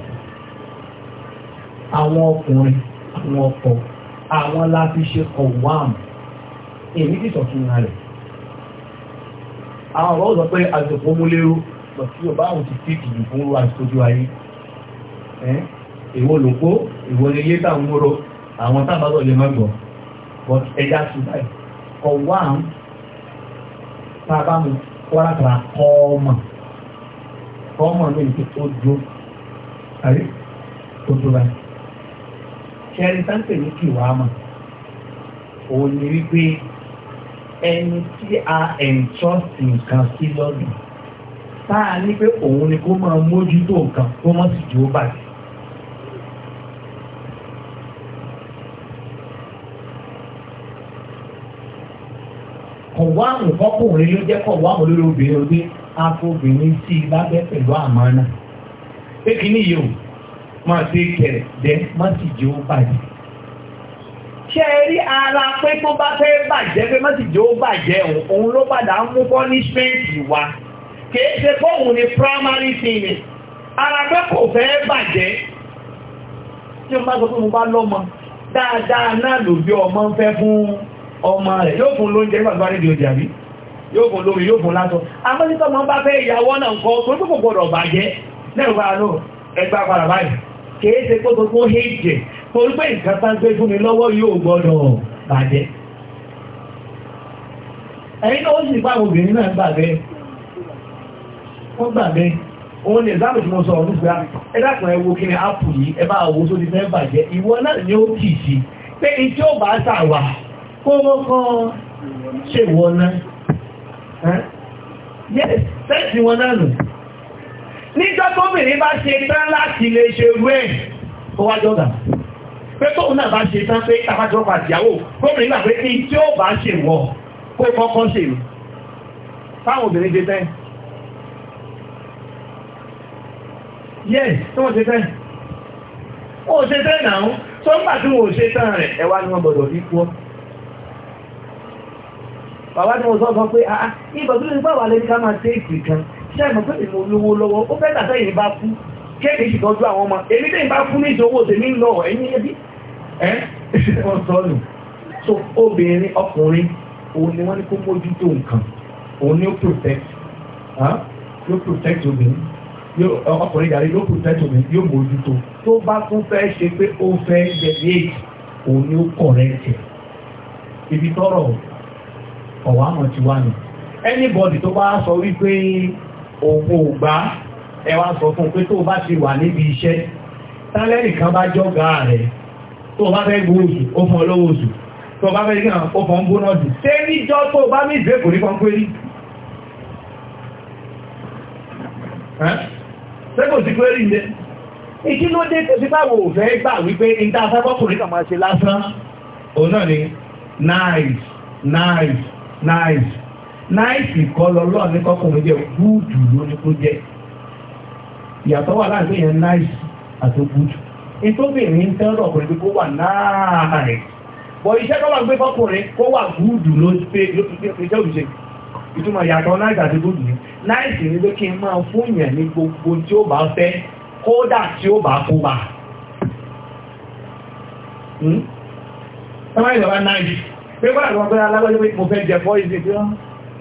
àwọn ọkùnrin àwọn ọkọ àwọn la fi ṣe kọ̀wáàmù èmi ti sọ̀tún ra rẹ̀ àwọn ọ̀rọ̀ sọ pé àsìkò múlẹ́rú lọ sí ọba àwọn ti fi ìdìbò fún ru àsìkò ayé èwo lòpó èwo lè yé táwọn múro àwọn tábàbọ̀ lè má gbọ́ but ẹja sí báyìí kọ̀wáàmù tá a bá mu kọ́lákàrà kọ́ọ̀mà kọ́ọ̀mà lóyún tó tó dúró àrí tó tó báyìí. ṣẹ́rí sáńpẹ̀ ní kìwámà òun ni wípé ẹni tí a entrust nǹkan sí lọ́dún tá a ní pé òun ni kó máa mójútó nǹkan kó má sì jù ó bàjẹ́. kọ̀wáàmù kọ́kùnrin ló jẹ́ kọ̀wáàmù lórí obìnrin ọdún afọ obìnrin sí i lábẹ́ pẹ̀lú àmọ́ náà. máa ṣe kẹ̀rẹ̀ dẹ́ má sì jẹ́ ó bàjẹ́. ṣé ẹ rí ara pé tó bá fẹ́ bàjẹ́ pé má sì jẹ́ ó bàjẹ́ òun ló padà ń mú punishment wá kìí ṣe fóun ni primary thing ara pé kò fẹ́ bàjẹ́ tí ó bá sọ fún mo bá lọ́mọ dáadáa náà ló bí ọmọ ń fẹ́ fún ọmọ rẹ̀ yóò fún lóúnjẹ nígbàgbà rẹ̀ di ọjà rí yóò fún lómi yóò fún lásọ amọ́sítọ́mọ́ bá fẹ́ ìyàwó náà kọ́ tó tó kò gbọdọ̀ bàjẹ́ lẹ́rù bá lọ ẹgbà padà báyìí kìí ṣe kó gbogbo hejì torí pé nǹkan tá gbé fún mi lọ́wọ́ yóò gbọ́dọ̀ bàjẹ́ ẹ̀yin náà ó sì bá obìnrin náà gbà bẹ́ẹ̀ wọ́n gbà bẹ́ẹ̀ òun ni ìzáàmù tí mo sọ ọdún gbà ẹ dákun ẹ wo kí ni áàpù yìí ẹ bá wo tó ti fẹ́ bàjẹ́ ìwọ náà ni ó kì í sí pé ìjọ bá ṣàwà kó wọ́n kọ́ ṣèwọ náà yẹ sẹ́ẹ̀sì wọn náà nù níjọ́ tóbìnrin bá ṣe tán láti lè ṣe rẹ̀ ó wá jọ́dà pé tóun náà bá ṣe tán pé àbájọ́ pàdíyàwó gómìnà gbà pé kí tí ó bá ṣe wọ̀ kó kọ́kọ́ ṣe rù fáwọn obìnrin ṣe tẹ́ yẹ́ tí wọ́n ṣe tẹ́ ó ṣe tẹ́ náà tó ń bà tí wọ́n ṣe tán rẹ̀ ẹwà ni wọ́n gbọ́dọ̀ ní kú ọ́ bàbá tí wọ́n sọ sọ pé àà ìbọ̀dúnlẹ̀ nípa wà ká máa tẹ́ ìpì kan sẹ́ẹ̀mù so obìnrin ọkùnrin òun ni wọ́n ní protect yóò protect obìnrin protect obìnrin tó bá tún fẹ́ ṣe pé ó fẹ́ yẹ̀dí èyí òun ni ó correct ibi tọrọ ọ̀wá àmọ̀ ti wà nù anybody tó bá sọ wípé òun ò gbá ẹ wá sọ fún un pé tó o bá ti wà níbi iṣẹ́ tálẹ́rì kan bá jọ́gà rẹ̀ tó o bá fẹ́ gbó oṣù ó fún ọ oṣù tó o bá fẹ́ gbìyànjú ó fún ọ ń gbóná jù ṣé níjọ́ tó o bá ní ìgbé kò ní kan pé rí ṣé kò sí pé rí ilé ìdí ló dé tó sí báwo ò fẹ́ gbà wípé níta afẹ́kọ́kùnrin kan máa ṣe lásán òun náà ni nice nice nice náìsì kọ́ lọ́lọ́ ní kọ́kùnrin jẹ́ gúùdù ló ní kó wà láàrin yẹn náìsì àti gúùdù ìtòbìnrin ń tẹ́rọ̀ ọkùnrin kó wà náàrin tó wà gbé fọ́kùnrin kó wà gúùdù ló pé ló ti pé jẹ́ òṣèlú ìtumọ̀ ìyàtọ̀ àti ni ni pé kí n máa fún yẹn ní gbogbo tí ó bá fẹ́ kódà tí ó bá kó bá bá hmm? pé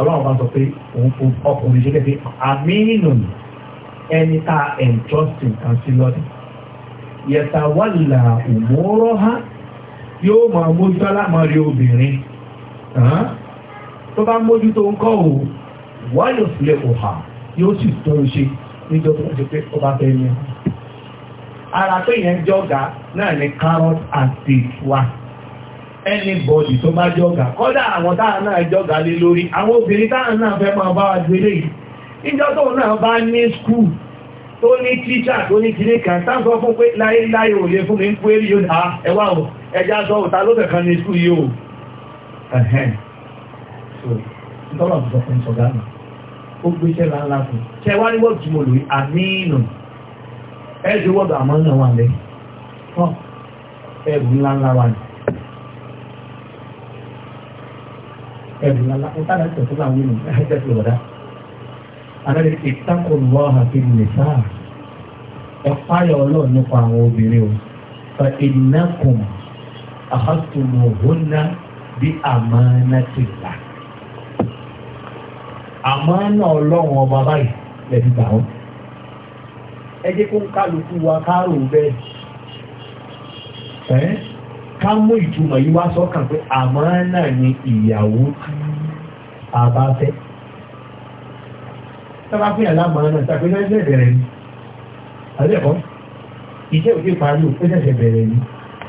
ọlọ́run bá sọ pé òun fún ọkùnrin ṣe lẹ́gbẹ̀ẹ́ àmínú ẹni tá a ẹ̀ńtrọ́sìn kan sí lọ́dún yẹta wàlà òmòrò ha yóò máa mójútó alámọ̀rí obìnrin tó bá mójútó ńkọ́ o wáyò sílẹ̀ kò hà yóò sì tó o ṣe níjọba tó ṣe pé ó bá fẹ́ ní ara pé yẹn jọ̀gá náà ní carrot and stick wa. anybody tó bá jọ́gà kọ́dá àwọn táà náà jọ́gà lé lórí àwọn obìnrin táà náà fẹ́ máa bá wa gbélé yìí níjọ́ tó náà bá ní skúù tó ní tíṣà tó ní kìíní kan tá fún pé láíláí ò lè fún mi ń kú yóò dá ẹwà ò ẹjá sọ òta ló fẹ̀kan ní so fún ní àníìnà àmọ́ wà ńláńlá wà ẹ̀rù lala ń tánà tó fún àwọn ènìyàn ẹ̀jẹ̀ tó lọ́dá. Àlẹ́ ìtàkùnlọ́ àti nìsá ẹ̀fáyọ̀ ọlọ́run nípa àwọn obìnrin o. Fa ìnákùn àhásùnmọ̀hónà bí àmàna ti là. Àmàna ọlọ́run ọba báyìí lẹ́bi gbà ó ká mú ìtumọ̀ yìí wá sọ́kàn pé àmánà ni ìyàwó tí a bá fẹ́. sábà pín àlámánà ṣàpèjọ ẹgbẹ́ bẹ̀rẹ̀ ni àlẹ́kọ̀ọ́ iṣẹ́ òde parí ò pé ṣẹ̀ṣẹ̀ bẹ̀rẹ̀ ni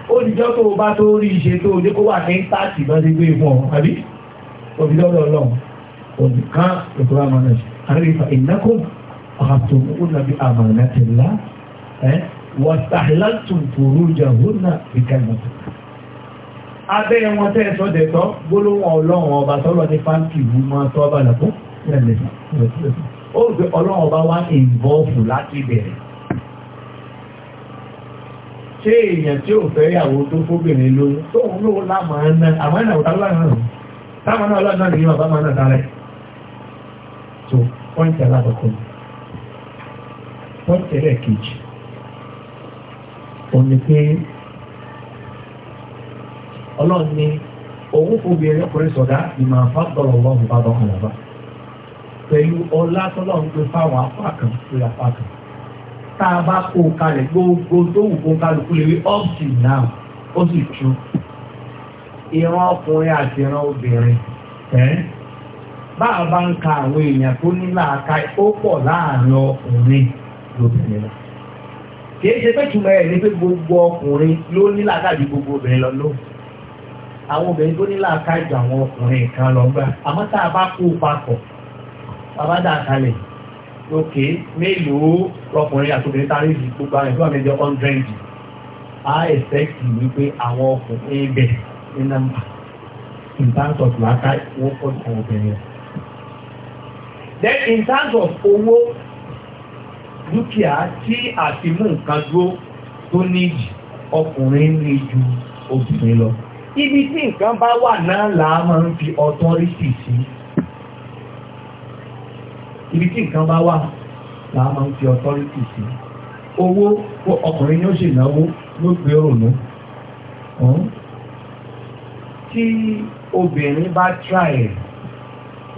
ó dijọ́ tó o bá tó rí iṣẹ́ tó o dé kó wà ní táàtì bá ti gbé e fún ọ àbí òbí lọ́dọ̀ ọlọ́run òbí ká ètò àmánà ṣe àríwá ìnákò ọ̀hàtòmùkún nàbí àmánà tẹ̀lá ẹ̀ wọ́n sàhìlá tùǹtùrù jàhùn náà ìkàlùmọ̀tò abẹ́ wọn tẹ́ ẹ̀sọ́ dẹ̀tọ́ gbólóhùn ọlọ́run ọba tọ́lọ́ ní fáńkì wù máa tọ́ ọba lọ́pọ̀ ó gbé ọlọ́run ọba wá ìnvọ́ọ̀fù láti bẹ̀rẹ̀ ṣé èèyàn tí ò fẹ́ yàwó tó fóbìnrin lóyún tóun lóun lámàá ná àmọ́ ìnáwó tá lọ́nà rẹ̀ táwọn náà lọ́nà rẹ̀ yìí bàbá máa náà dálẹ̀ tó pọ́ǹtì alábọ̀kọ́ pọ́ǹtì ẹlẹ́ẹ̀kejì òní pé ọlọ́run ni òun obìnrin ọkùnrin sọ̀dá ìmọ̀ ọlọ́run bá bá wọn pẹ̀lú kan pé apá a bá gbogbo tó wù kó o lè rí up till now ó sì tún ìran ọkùnrin àti ìran obìnrin bá a bá ń ka àwọn gbogbo ọkùnrin ló ní gbogbo obìnrin lọ lóhùn. àwọn obìnrin tó ní làákàyè ju àwọn ọkùnrin kan lọ gbà àmọ́ tá a bá kú papọ̀ bàbá dà kalẹ̀ lókè mélòó ọkùnrin àtòkùnrin tá a rí ju gbogbo àwọn ìfúnwà mẹ́jọ hundred a expect wípé àwọn ọkùnrin bẹ̀ ní nọ́mbà in terms of làákàyè wọ́n pọ̀ ju obìnrin then in terms of owó dúkìá tí àti mú nǹkan dúró tó níyì ọkùnrin ní ju obìnrin lọ ibi tí nǹkan bá wà náà làá máa ń fi authority sí ibi tí nǹkan bá wà làá máa ń fi authority sí owó ọkùnrin ni ó ṣe náwó ló gbé òrònú hm? tí obìnrin bá try ẹ̀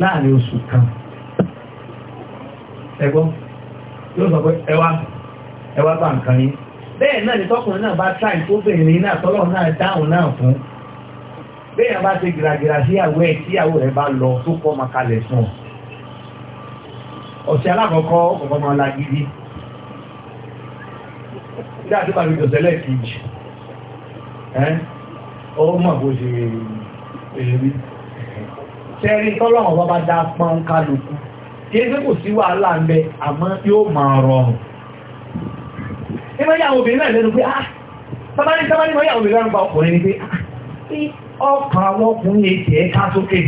láàrin oṣù kan ẹgbọ́n yóò sọ pé ẹwà ẹwà bá nǹkan yín bẹ́ẹ̀ náà ni tọkùnrin náà bá try tó bẹ̀rẹ̀ náà tọ́lọ́ náà dáhùn náà fún béèyàn bá ṣe gìràgìrà síyàwó ẹ̀ tíyàwó rẹ̀ bá lọ tó kọ́ máa kalẹ̀ fún ọ. ọ̀sẹ̀ alákọ̀ọ́kọ́ ọ̀kọ̀ọ̀kan máa la gidi tí a ti bá mi tò sẹ́lẹ̀ kejì ọwọ́ mọ̀ bó ṣe èrí tẹ́rí tọ́lọ́wọ́ bá bá dá pọ́n kálukú kí é kò sí wàhálà ń bẹ àmọ́ yóò máa rọrùn nígbà yàwó obìnrin náà lẹ́nu pé ah sábàáni sábàáni mọ́ yàwó obìnrin náà ń ọkàn àwọn ọkùnrin ètì ẹ̀ká sókè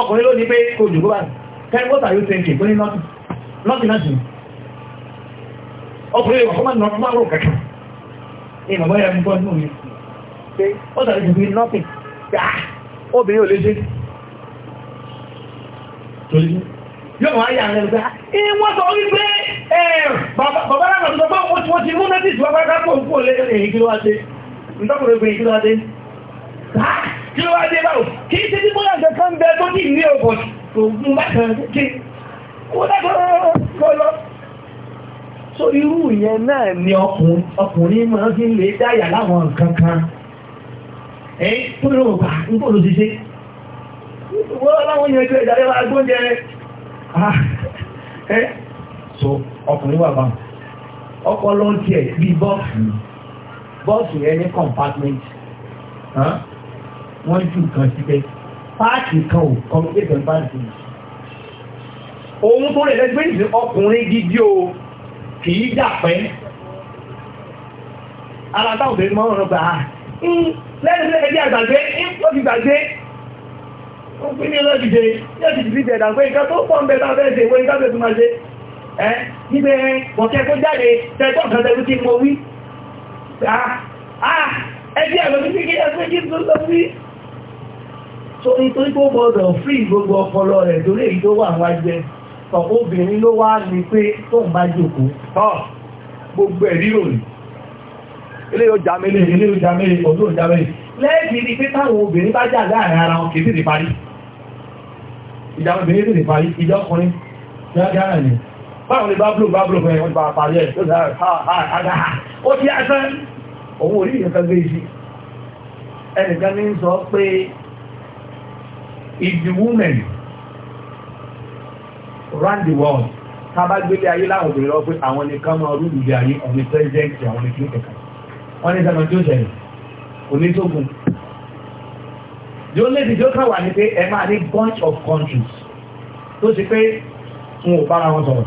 ọkùnrin ló ní pé kò jù gbọ́bà ten what are you thinking pé ní nothing nothing nothing ọkùnrin ìwọ̀n kọ́mọ̀ náà máa rò kẹ̀kẹ́ ní ìmọ̀ bọ́yá ẹ̀mú bọ́ọ̀dún mi pé what ah, are you thinking nothing obìnrin ò lè ṣe yóò wá yà lẹ́nu pé ah, wọ́n sọ wípé bàbá làwọn sọ pé wọ́n ti mú mẹ́tìsì wọn bá ká pò ń pò lé èyí kí ló wá ṣe ìtọ́kùnrin obìnrin kí ló so irú ìyẹn náà ni ọkùnrin máa fi lè dáyà láwọn nǹkan kan èyí tó ní ọ̀pá ń kò ló ti ṣe wọ́n láwọn yẹn tó ìdàrẹ́ ah, so ọkùnrin wà bá ọpọlọ ń tiẹ̀ bí bọ́ọ̀sì rẹ ní compartment wọ́n jù kan síbẹ̀ páàkì kan ò communication báńkì ohun tó rẹ̀ lẹ́gbẹ́ ìsìn ọkùnrin gidi o kì dàpẹ́ ara táwọn máa ń rán á lẹ́yìn ẹbí àgbàgbé ó ti gbàgbé ó pín ní lọ́dìde yóò ti dìbí ìjẹ̀dà pé nǹkan tó pọ̀ ń bẹ náà fẹ́ ṣe ìwé nǹkan tó ti máa ṣe ẹ́ níbẹ̀ ọ̀kẹ́ kó jáde tẹ́tọ́ kan tẹ́lú tí mo wí Ah, ah, ẹbí àlọ́bí sí kí ẹgbẹ́ kí tó lọ sí torí tó kó gbọdọ̀ frí gbogbo ọpọlọ rẹ̀ lórí èyí tó wà wájú ẹ ọ̀pọ̀ obìnrin ló wá ní pé tó ń bá jòkó gbogbo ẹ̀rí òní ilé yóò já mẹ́lẹ̀ ilé yóò já mẹ́lẹ̀ ọdún òjá mẹ́lẹ̀ lẹ́ẹ̀kì ní pé táwọn obìnrin bá jà láàrin ara wọn kìí tètè parí ìjà obìnrin tètè parí ìjà ọkùnrin dáadáa ni báwọn lè bá blò bá òun ò rí ìyẹ̀kan gbé sí ẹnìkan ní sọ pé if the women run the world tá bá gbélé ayé láwọn obìnrin lọ pé àwọn nìkan máa rú ìdí ayé ọ̀nì president àwọn nìkan kẹ̀kẹ́ wọ́n ní sẹ́nu tí ó ṣẹlẹ̀ kò ní sógun yóò lédi tí ó kàn wà ní pé ẹ máa ní bunch of countries tó ṣe pé n ò bára wọn sọ̀rọ̀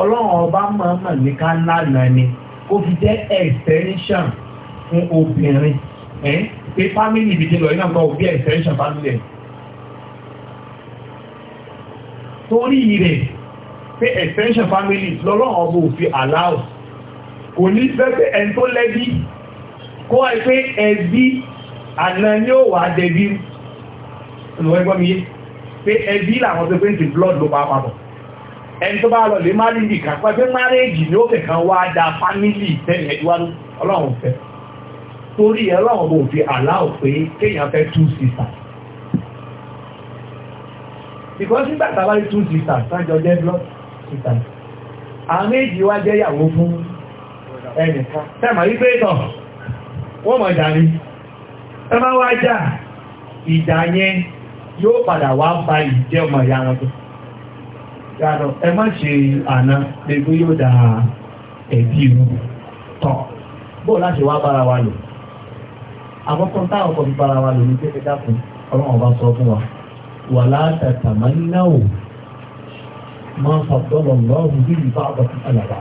ọlọ́run ọba mọ̀ọ́mọ̀ ní ká lánàá ni kó fi jẹ́ extension fún obìnrin pé family ìdíje lọ iná kan òbí extension family ẹ̀ torí rẹ̀ pé extension family lọ́lọ́run ọba òfin allow kò ní fẹ́fẹ́ ẹni tó lẹ́bí kó wáyé pé ẹbí àná ni ó wà dẹbí ìwọ̀n ẹgbọ́n mi yé pé ẹbí làwọn tó pé ń ti blood ló pa papọ̀ ẹni tó bá lọ lè má rí nìkan pẹ́ pé ní ó kan wá da fámílì tẹ́lẹ̀ ìwádó ọlọ́run fẹ́ torí ọlọ́run bò fi àláò pé kéèyàn fẹ́ tú sísà because nígbà tábà rí tú sísà sájọ jẹ́ blọ́ sísà àwọn méjì wá jẹ́ ìyàwó fún ẹnìkan tẹ́mà wípé tọ̀ wọ́n mọ̀ jà ní tẹ́mà wá jà ìjà yẹn yóò padà wá ba ìjẹ́ ọmọ ìyá wọn tó dáadọ́ ẹ má ṣe àná lẹ́gbẹ́ yóò da ẹ̀bí rú tọ̀ bó láti wá bára wa lò àkọ́kọ́ táwọn kọ́ fi bára wa lò ní pé ẹ̀dá fún ọlọ́run ọba sọ fún wa wà látàtà máa ń náwó máa ń fàtọ́lọ̀ lọ́rùn bí ìbá ọ̀dọ̀ fún àlàbà.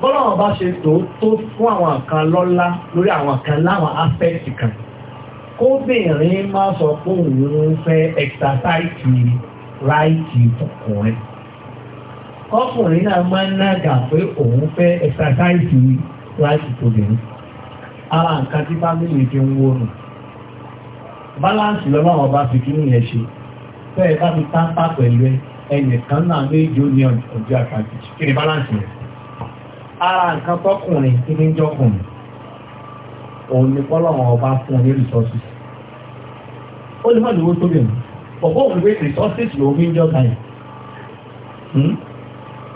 bọ́lọ́run ọba ṣe tó tó fún àwọn kan lọ́lá lórí àwọn kan láwọn áfẹ́ẹ̀tì kan kóbìnrin máa sọ fún òun fẹ́ ẹ̀ksásáìtì láìkì ọkùnrin ọkùnrin náà máa ń nága pé òun fẹ́ láìkì ara nǹkan tí fámìlì fi ń wónù báláǹsì ọba fi kí nìyẹn ṣe bá tápá pẹ̀lú ẹ ẹnìkan náà ó ní ọjọ́ àkàtì kí ara nǹkan tọkùnrin kí ni jọkùnrin òun ni ọba fún un ní rìsọ́ọ̀sì ó lè bọ̀bọ̀ òun wé resources ló ń jọba yẹn.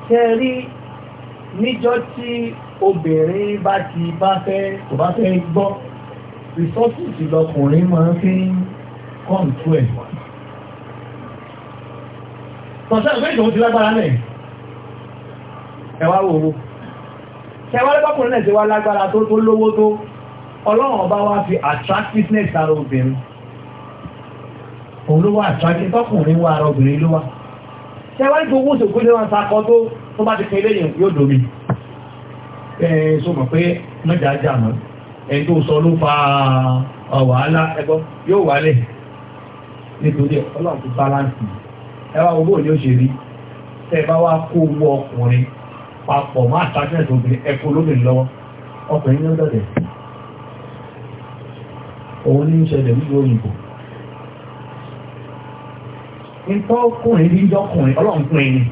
ṣe rí níjọ́ tí obìnrin bá ti bá fẹ́ kò bá fẹ́ gbọ́ resources lọkùnrin máa ń fi kọ́ǹtù ẹ̀. tọ̀sán ìwé ìṣòwò ti lágbára náà ẹ̀ wá wò ó tẹwàá lọ́kùnrin náà ti wá lágbára tó tó lówó tó ọlọ́run ọba wá fi attractiveness ara obìnrin òun ló wà àtúrákì tọkùnrin ara obìnrin ló wà ṣẹwàá gbogbo òṣèkú wọn tó tó bá ti pè lẹ́yìn yóò domi ẹ mọ̀ pé mẹ́jà jà mọ́ ẹ tó sọ ló fa wàhálà ẹgbọ́ yóò wálẹ̀ nítorí ọlọ́run ti báláǹsì ẹ owó ni ó ṣe rí tẹ bá wá kó owó ọkùnrin papọ̀ má obìnrin lọ́wọ́ ọkùnrin ní òun ní ṣẹlẹ̀ nǹkan ọkùnrin bí jọkùnrin ọlọ́run pín in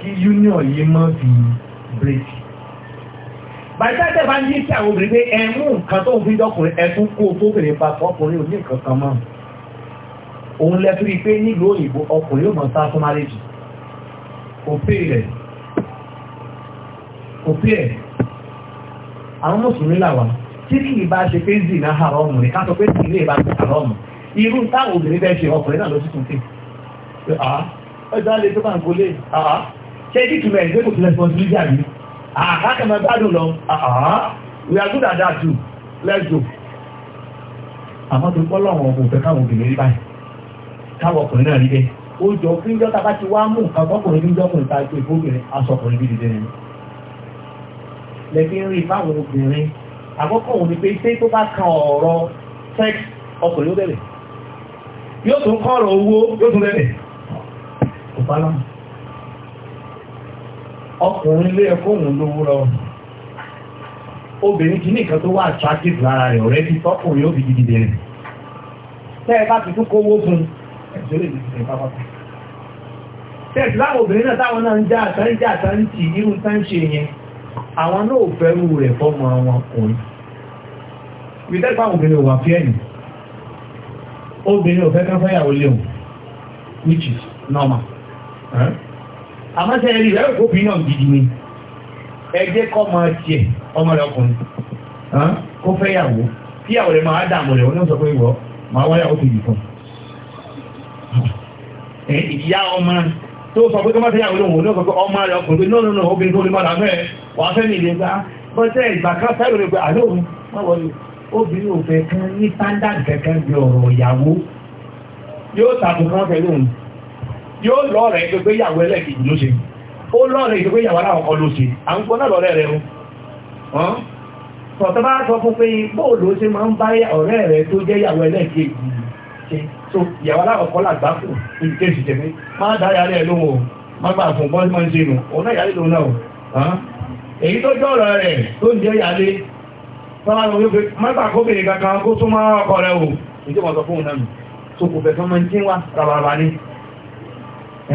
kí union yìí mọ́ fi bírèkì. bàtà tẹ̀ bá ń yí sí àwọn obìnrin pé ẹ mú nǹkan tó ń fi jọkùnrin ẹ tún kó tó bèrè pa ọkùnrin ò ní nǹkan kan mọ́ òun lẹ́tọ́ rí pé nílùú òyìnbó ọkùnrin yóò mọ̀ sá fún márèjì òpé rẹ̀ òpé ẹ̀ àwọn mùsùlùmí làwà tí kì í bá ṣe pé zì náà àrọ́ọ̀mù ní ká sọ pé zì náà bá ṣe àrọ́ọ̀mù irú táwọn obìnrin bẹ́ẹ̀ ṣe ọkùnrin náà ló sì tún tè ọjọ́ alẹ́ tó bá ń kólé ah, ah, ṣé kí tùmẹ̀ ìgbé kò tilẹ̀ fọ́n sílẹ̀ yìí àkàkàmọ̀ gbádùn lọ ah, we are good at that too let's go àmọ́ tó kọ́ lọ́wọ́ ọmọ òfẹ́ káwọn obìnrin rí báyìí káwọn ọkùnrin náà rí bẹ́ẹ̀ ó jọ kí njọ́ ta bá ti wá mú nǹkan ọkùnrin níjọ́ kùnrin ta pé ìfowópinrin aṣọ ọkùnrin bí dìde nínú lẹ́bí ń rí fáwọn obìnrin àkọ́kọ́ òun ni pé ṣé tó bá kan ọ̀rọ̀ sex ọkùnrin ó bẹ̀rẹ̀ yóò tún kọ́ ọ̀rọ̀ owó yóò tún bẹ̀rẹ̀ kò ọkùnrin ilé ẹkọ́ òun lówó lọ obìnrin kìíní kan tó wà attractive lára rẹ̀ ọ̀rẹ́ bí tọkùnrin ó fi gidi bẹ̀rẹ̀ tẹ́ ẹ bá ti tún kówó fún ẹ̀jọ́ lè fi ṣe pápákọ̀ tẹ́ láwọn obìnrin náà táwọn náà ń já ń já ń tì tá ń ṣe yẹn àwọn àmọ́sẹ̀ rí rẹ̀ kó bí náà gidi ni ẹgbẹ́ kọ́ máa tiẹ̀ ọmọ rẹ̀ ọkùnrin kó fẹ́ yàwó kí yàwó rẹ̀ máa dààmú rẹ̀ oní sọ pé wọ́ máa wáyà ó tóbi fún ìyá ọmọ tó sọ pé kọ́ máa fẹ́ yàwó lóhùn oní sọ pé ọmọ rẹ̀ ọkùnrin pé náà náà obìnrin tó lè máa dàmú ẹ̀ wà á fẹ́ mi lè gbá bọ́tẹ́ ìgbà kan fẹ́ rẹ̀ pé àlóhùn má wọlé obìnrin ò fẹ́ kan ní standard kẹ̀kẹ́ bí ọ̀rọ̀ ìyàwó yóò yóò lọ́rẹ̀ gbogbo ìyàwó ẹlẹ́kìí ló ṣe ó lọ́rẹ̀ gbogbo ìyàwó aláwọ̀ kan ló ṣe à ń gbọ́nà lọ́rẹ̀ rẹ̀ rún ọ̀tọ́ bá sọ fún pé bóòlù ó ṣe máa ń bá ọ̀rẹ́ rẹ̀ tó jẹ́ ìyàwó ẹlẹ́kìí ṣe so ìyàwó aláwọ̀ kan làgbá fún ìkéṣì tẹ̀mí máa dá yàrá ẹ̀ lóhùn má gbà fún bọ́ọ̀lù máa ń ṣe nù òun náà yàrá lóhùn náà èyí tó jẹ́ ọ̀rọ̀ rẹ̀ tó ń jẹ́ yàrá sọ́wọ́n ló so kò fẹ̀ fún ọmọ ní tí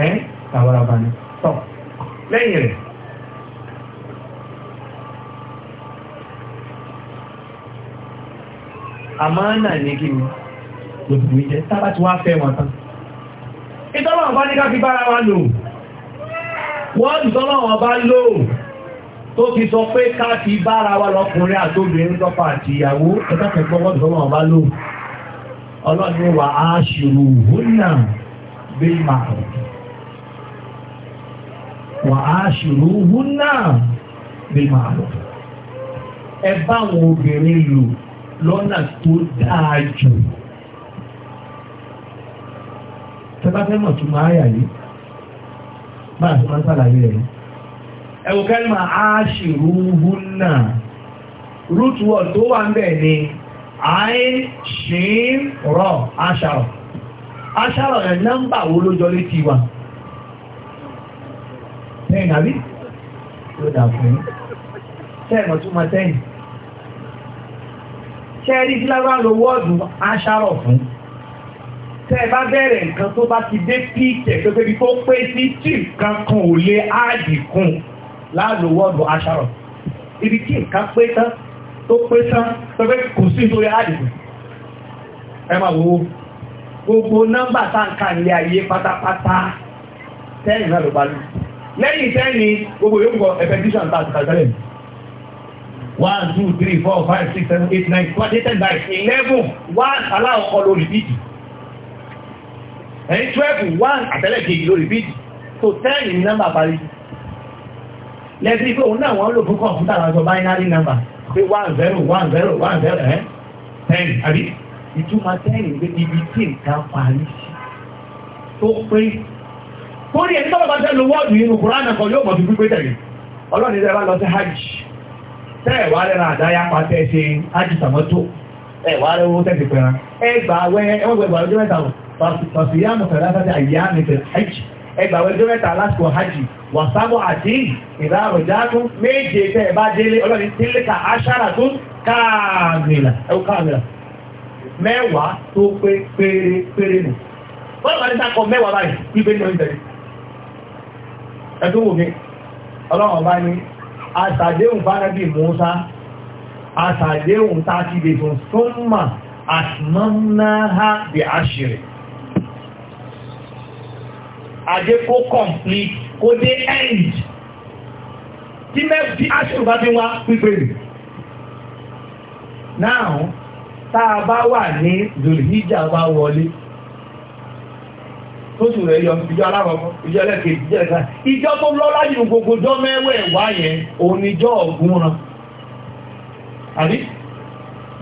ẹ́ tàwáraba ni tọ́ lẹ́yìn rẹ̀ àmánà ní kí ni lòdùnmí jẹ́ tábà tí wọ́n fẹ́ wọn tán ìtọ́lọ̀ ọ̀bá ní ká fi bára wa lò wọ́n ìtọ́lọ̀ ọ̀bá lò tó fi sọ pé ká fi bára wa lọ́kùnrin àtòbìnrin lọ́pà àti ìyàwó ẹ̀tọ́kẹ̀kọ́ wọ́n ìtọ́lọ̀ ọ̀bá lò wà á ṣòro òun náà bí máa lọ. ẹ bá àwọn obìnrin lò lọ́nà tó dáa jù. tẹ́lá fẹ́ mọ̀ tó máa yà yìí bá a ti máa ń sàlàyé rẹ̀ ẹ̀wù kẹ́lí máa á ṣòro òun náà rútùwọ̀ tó wà ń bẹ̀ ni àìn ṣìn rọ̀ aṣàrọ̀ aṣàrọ̀ ẹ̀ nọ́mbà wo ló jọ létí wa tẹ́yìn àbí yóò dà fún yín tẹ́yìn ọ̀tún máa tẹ́yìn ṣe rí sílágbá lo wọ́ọ̀dù aṣárọ̀ fún tẹ́ ẹ bá bẹ̀rẹ̀ nǹkan tó bá ti dé píìtẹ̀ pé bí tó pé sí tí nǹkan kan ò lè áàdì kùn láàlò wọ́ọ̀dù aṣárọ̀ ibi tí nǹkan pé tán tó pé tán tó pé kò sí nítorí áàdì kùn ẹ máa wo gbogbo nọ́mbà táǹkà ilé ayé pátápátá tẹ́yìn náà ló bá lù lẹ́yìn tẹ́ni gbogbo yóò kọ ẹ̀fẹ̀díṣàn tàbí kàtàlẹ̀ one two three four five six seven eight nine twelve thirteen by eleven one aláwọ̀kọ ló rìpíìtì ẹ̀yìn twelve one àtẹ́lẹ̀kejì ló rìpíìtì so ten ní nọ́mbà parí lẹ́sí pé òun náà wọ́n lò fún kọ̀ǹpútà àjọ binary number pé one zero one zero one zero ẹ̀ eh? ten àbí ìtumọ̀ ten ní ibi tí nǹkan parí sí tó pé torí ẹni tọ́lọ̀ bá tẹ́lú wọ́ọ̀dù inú kùránà kan yóò mọ̀ fi pípé tẹ̀lé ọlọ́ni tẹ́ bá lọ sí hajj tẹ́ẹ̀wá rẹ̀ra àdáyá pàtẹ́ ṣe hajj tàmọ́tò ẹ̀wá rẹ̀ owó tẹ́sí pẹ̀ra ẹgbà wẹ́ ẹgbẹ̀gbà ọjọ́ mẹ́ta pàṣíyàmù tẹ̀lẹ́sàtẹ̀ àyíyàmì hajj ẹgbà wẹ́ ọjọ́ mẹ́ta lásìkò hajj wà sábọ̀ àti ìdáàrọ̀jáàtún méje tẹ́ bá délé ọlọ́ni tílíkà aṣára tún káàmìlà mẹ́wàá tó pé péré péré nù bọ́ọ̀lù ẹdún wò mí ọlọ́run bá ní àṣàdéhùn fánàbí Mùsá àṣàdéhùn tàbí dèfò súnmà àtìmọ́náhá bí àṣírí àdé kó complete kó dé end tí mẹ́fì àṣírí bá bí wá pípé rẹ̀ now tá a bá wà ní zulhijja bá wọlé tóṣù rẹ̀ yọ ìjọ aláwọ̀kọ́ ìjọ ẹlẹ́kẹ̀ẹ́ ìjọ ẹ̀ka ìjọ tó lọ láyé gbogbo jọ mẹ́wẹ̀ẹ̀wá yẹn oníjọ́ ọ̀gùn ran àbí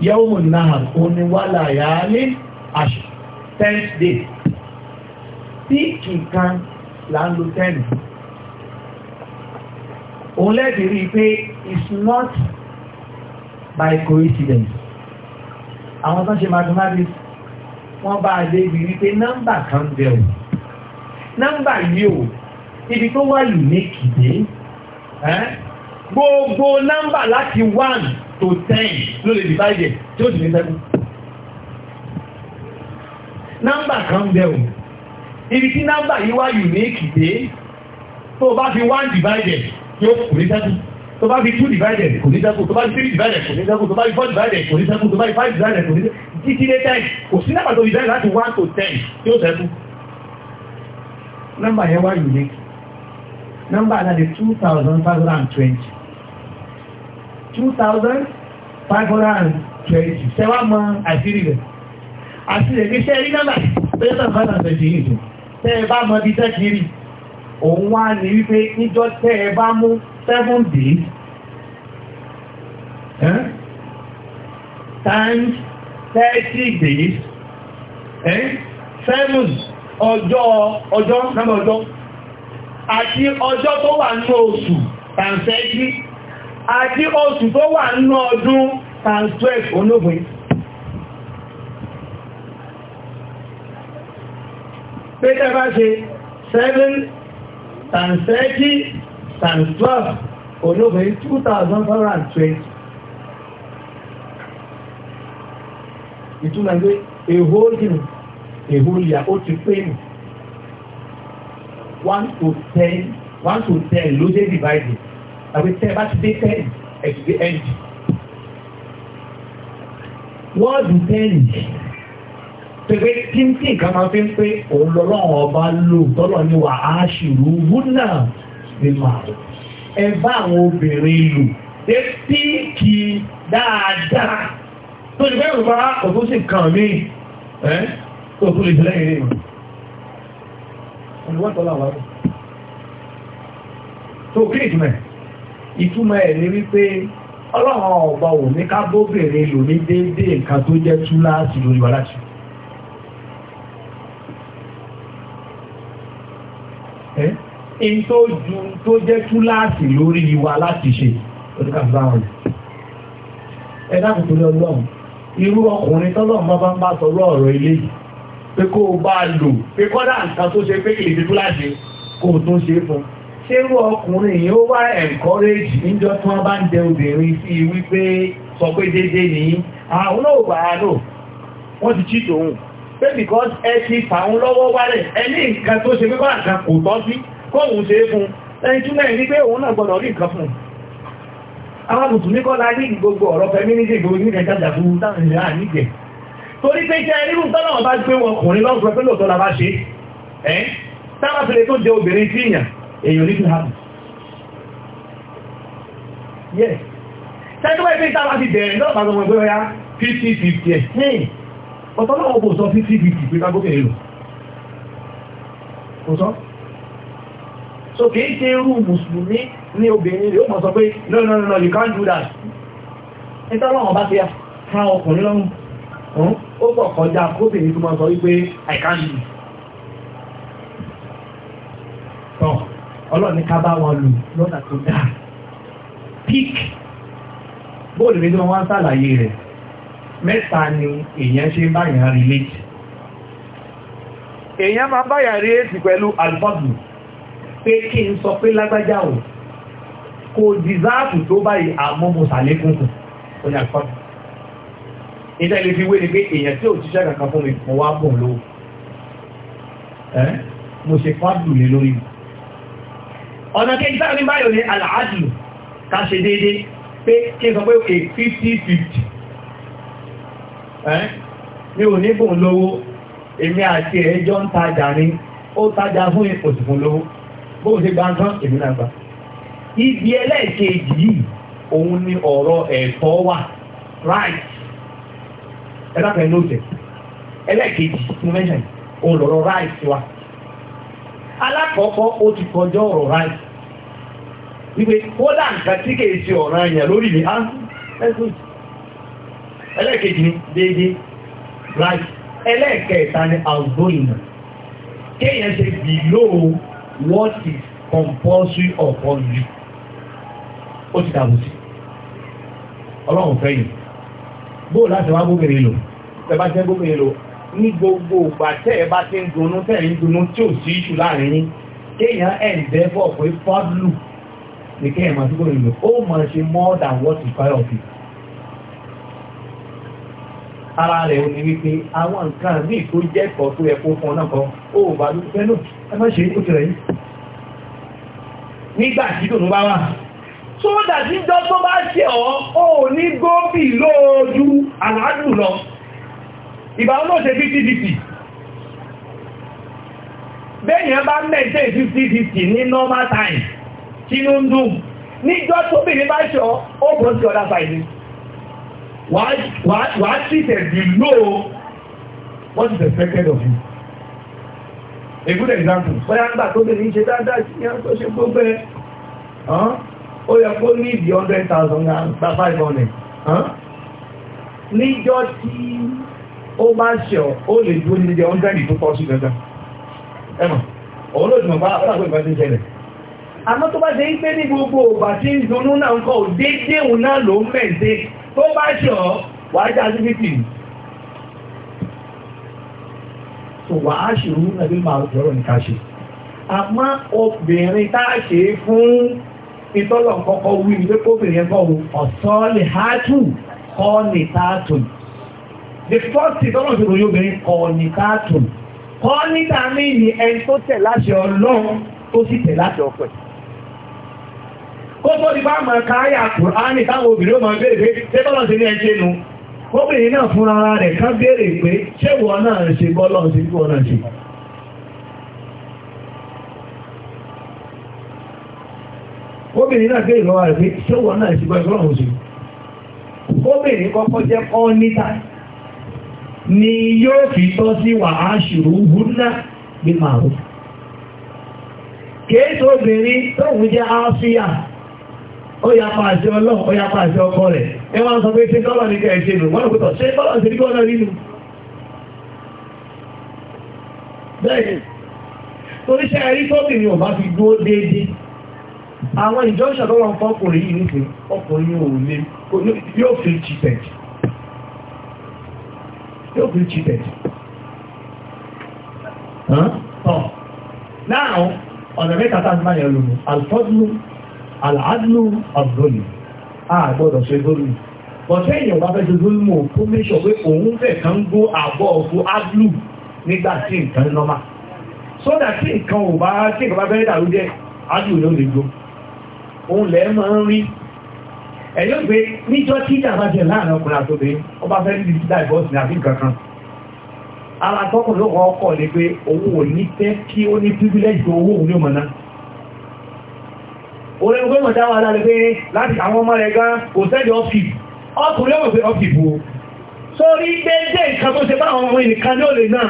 yẹ́wò náà oníwàlà yàálé àṣù tenth day tí kìkan là ń lo ten òun lẹ́bi rí i pé it's not by coincidence àwọn tó ń ṣe mathematics wọ́n bá a débi wípé nọ́mbà kan bẹ̀rù nọ́mbà yìí o ibi tó wà unique dé gbogbo nọ́mbà láti one to ten ló lè divide tí ó sì ní seven nọ́mbà kan bẹ̀ o ibi tí nọ́mbà yìí wà unique dé tó bá fi one divided yóò kò ní seven tó bá fi two divided kò ní sẹ́kù tó bá fi three divided kò ní sẹ́kù tó bá fi four divided kò ní sẹ́kù tó bá fi five divided kò ní sẹ́kù títí dé ten kò sí náà pàtó divided láti one to ten yóò sẹ́kù nọ́mbà yẹn wá unique nọ́mbà náà di two thousand five hundred and twenty two thousand five hundred and twenty sẹ́wà mọ àṣírí rẹ̀ àṣírí rẹ̀ níṣẹ́ rí nọ́mbà three thousand five hundred twenty yìí tó tẹ́ ẹ bá mọ ibi tẹ́ kiri òun wá ní wípé níjọ́ tẹ́ ẹ bá mú seven days times thirty days eh? seven ọjọ́ ọjọ́ náà ọjọ́ àti ọjọ́ tó wà nínú oṣù tàǹsẹ́jì àti oṣù tó wà nínú ọdún tàǹsẹ́ olóògbé pété bá ṣe 7 tàǹsẹ́jì tàǹsẹ́ olóògbé 2020 ìtúnlẹ̀ pé èhó jìnnà ìhóyà ó ti pé nù one to ten one to ten ló dé divide àbí tẹ́ bá ti dé ten ẹ̀ ti dé end wọ́ọ̀dù ten yìí pépé kíntì nǹkan máa fi ń pé òun lọ́lọ́run ọba lò tọ́lọ̀ ní wà á ṣìrú wúnà ní màá ẹ bá àwọn obìnrin lò ṣé píìkì dáadáa tó ti fẹ́ràn bá òtún sí nǹkan mi kó tó lè jẹ́ lẹ́yìn rẹ̀ mọ̀. olùwọ́tọ́lá wà rẹ̀. tó kí ìtumẹ̀ ìtumẹ̀ ẹ̀ ní wípé ọlọ́run ọ̀gbà ò ní ká bóbìnrin lò ní déédéé nǹkan tó jẹ́ tú láti lórí wa láti. in tó ju tó jẹ́ tú láti lórí wa láti ṣe ó ti ká fi bá wọn lò. ẹ dákòtò lọ́lọ́run irú ọkùnrin tọ́lọ́run bá bá ń bá sọ ọ̀rọ̀ ilé pé kó o bá lò pé kọ́dà nǹkan tó ṣe pé èdè tó láṣẹ kó o tún ṣe fún ṣérú ọkùnrin yìí ó wá ẹ̀ǹkọ́rẹ́jì níjọ́ tí wọ́n bá ń jẹ obìnrin sí i wípé sọ pé dédé ní àwọn ah, náà wà á lò wọ́n ti chí tòun pé because ẹ ti fàún lọ́wọ́ wálẹ̀ ẹni nǹkan tó ṣe pípa nǹkan kò tọ́ sí kóhun ṣe é fún ẹni tún náà ní pé òun náà gbọ́dọ̀ rí nǹkan fún àwọn mùsùlùmí kọ́ la ní gbogbo ọ̀rọ̀ fẹ́mínísì gbogbo ní ẹ̀ka jàdú táwọn ènìyàn nígbẹ̀ẹ́ torí pé jẹ́ irú tọ́nà ọba gbé wọn kùnrin lọ́n sọ pé lóòótọ́ la bá ṣe ẹ́ táwọn àfẹ́lẹ́ tó jẹ obìnrin tí èèyàn èèyàn ní fi hàn yẹ́ sẹ́gbẹ́ ìpín táwọn àti bẹ̀rẹ̀ lọ́pàá ọmọ ẹgbẹ́ ya 50-50 ẹ̀ ọ̀tọ́ náà kò sọ 50-50 pé kágbókè èlò so kìí ṣe irú mùsùlùmí ní obìnrin rẹ̀ ó mọ̀ sọ pé no no no you can't do that ìtọ́lọ́wọ̀n bá ti ya fún ọkùnrin lọ́rùn ó pọ̀ kọjá kóbìnrin tó máa sọ wípé I tọ́ ọlọ́ọ̀ni bá wọn lò lọ́nà tó pík bóòlù wọ́n sàlàyé ni ṣe ń báyàn relate èèyàn máa báyàn relate pẹ̀lú kí n sọ pé lágbájá o kò dìsáàtù tó báyìí ó ní ìdá ilé fi wé ni pé èèyàn tí ò ṣiṣẹ́ kankan fún mi mo wá bùn lówó mo ṣe fádù lé lórí mi. ọ̀nà kejì táwọn ní báyọ̀ ní àlàájù ká ṣe déédéé pé kí n sọ pé òkè fifty fifty mi ò ní bùn lówó èmi àti ẹjọ́ ń tajà ni ó tajà fún oṣù fún lówó bóun ṣe gbá ń tán èmi náà gbà ibi ẹlẹ́ẹ̀kejì yìí òun ni ọ̀rọ̀ ẹ̀tọ́ wà right ẹlẹ́kẹ̀ẹ́ ló jẹ ẹlẹ́kẹ̀ẹ́jì mo mẹ́sàn òun lọ̀rọ̀ ráìsì wa alákọ̀ọ́kọ́ ó ti kọjọ́ ọ̀rọ̀ ráìsì wípé kódà nǹkan tí kèé ṣe ọ̀ràn èèyàn lórí mi á ah, ẹlẹ́kẹ̀ẹ́jì ni déédéé ráìsì ẹlẹ́kẹ̀ẹ́ta ni àgbóyìnà kéèyàn ṣe below what is compulsory upon you ó ti dàbò sí ọlọ́run fẹ́ yìí bóò láti wá bóbìnrin lò tẹ́bá jẹ́ bóbìnrin lò ní gbogbo ìgbà tẹ́ ẹ bá ti ń dunú tẹ́ ń dunú tí ò sí ìṣù láàrin yín kéèyàn ẹ̀ǹdẹ́fọ̀ pé fọ́dùlù ní kéèyàn máa tó bóbìnrin lò ó mọ̀ ṣe more than what is part of it. ara rẹ̀ ò ní wípé àwọn nǹkan míì tó jẹ́ kọ́ tó yẹ kó fún ọ náà kan ó bá ló fẹ́ lò ẹ má ṣe é ó ti rẹ̀ yín. nígbà tí dùnú bá wà sódà tí dọ́ tó bá ṣe ọ́ aláàdù lọ ìgbà wọn ló ṣe 50-50 bẹ́yìn bá mẹ́tẹ́ 50-50 ní normal time tí ló ń dùn níjọ́ tó bí ní bá ṣọ ó bọ́ sí ọ̀dá fàìlì wà á sì tẹ̀ below what is expected of you a good example bóyá nígbà tó bí ní ṣe dáadáa sí ní àtọ́ ṣe gbogbo ẹ̀ ó yẹ kó ní ìdí 100,000 gba 500 níjọ́ tí ó bá ṣe ọ̀ ó lè dúró ní jẹ́ ọ́ndẹ́rì tó pọ̀ sí dandan ẹmọ̀ òun ló dùn bá ọlọ́pẹ́ ìbá ti ń ṣẹlẹ̀ àmọ́ tó bá ṣe ń pé ní gbogbo òbá tí ń dunú náà ń kọ́ déédéé òun náà ló ń mẹ̀ẹ́sẹ̀ tó bá ṣe ọ̀ wàá já sí fìtì tó wàá ṣòro nàbí máa jọrọ̀ nìkan ṣe àmọ́ obìnrin tá a ṣe fún ìtọ́lọ̀ kọ́kọ́ wí ní pé kóbìnrin ẹ̀kọ́ kọ́ọ̀nì táàtùn the first thing tọ́lọ̀ ṣòro yóò bẹ̀rẹ̀ kọ́ọ̀nì táàtùn mi ni ẹni tó tẹ̀ láṣẹ ọlọ́run tó sì tẹ̀ láṣẹ ọpẹ́ bá káyà táwọn obìnrin ó máa béèrè pé ṣé ní ẹjẹ́ obìnrin náà fún ara rẹ̀ ká béèrè pé ṣé náà ń ṣe bí náà ṣe obìnrin náà rẹ̀ pé ṣé náà ṣe kóbìnrin kọ́kọ́ jẹ́ ni yóò fi tọ́ sí wàá ṣùrù húnná bí màrú kéètò obìnrin tóhun jẹ́ áfíà ó yà pa àṣẹ ọlọ́run ó yà pa ọkọ rẹ̀ ẹ wá sọ pé tí tọ́lọ̀ ní kẹ́ẹ̀ nù wọ́n kò ṣe tọ́lọ̀ sí kọ́ nínú bẹ́ẹ̀ ẹ̀rí tóbìnrin ò bá fi dúró déédéé àwọn ìjọ́ṣà tọ́lọ̀ fọ́kùnrin yìí nìkan ọkùnrin ò yóò fi cheated yóò fi cheated now ọ̀nà mẹ́ta tá a máa yẹ lónìí alfọ́dúnú aláàdúnú ọ̀dọ́lù àgbọ́dọ̀ ṣe lórí bọ̀tẹ́ èèyàn bá fẹ́ ṣe lórí mọ̀ tó mẹ́ṣọ̀ pé òun fẹ́ kan gbó àbọ̀ ọ̀fọ̀ adúlù nígbà tí nǹkan nọ́mà sódà tí nǹkan ò bá tí nǹkan bá fẹ́ dàrú jẹ́ adúlù ló lè gbó òun lẹ́ẹ̀ máa ń rí ẹ̀yọ́ pé níjọ́ tí ìjàmbá jẹ láàrin ọkùnrin àtòbí ọba fẹ́ ní dàìbọ́sì ní àfi kankan ara tọ́kùn ló kọ́ ọkọ̀ ni pé owó ò ní fẹ́ kí ó ní pírílẹ́jì owó òun ní mọ̀ná orí ẹgbẹ́ mọ̀ dáwà láti pé láti àwọn ọmọ rẹ̀ gan kò sẹ́jọ ọ́fìsì ọkùnrin ọmọ pé ọ́fìsì wo sórí déédéé nǹkan tó ṣe báwọn ọmọ ìnìkan ní òlè náà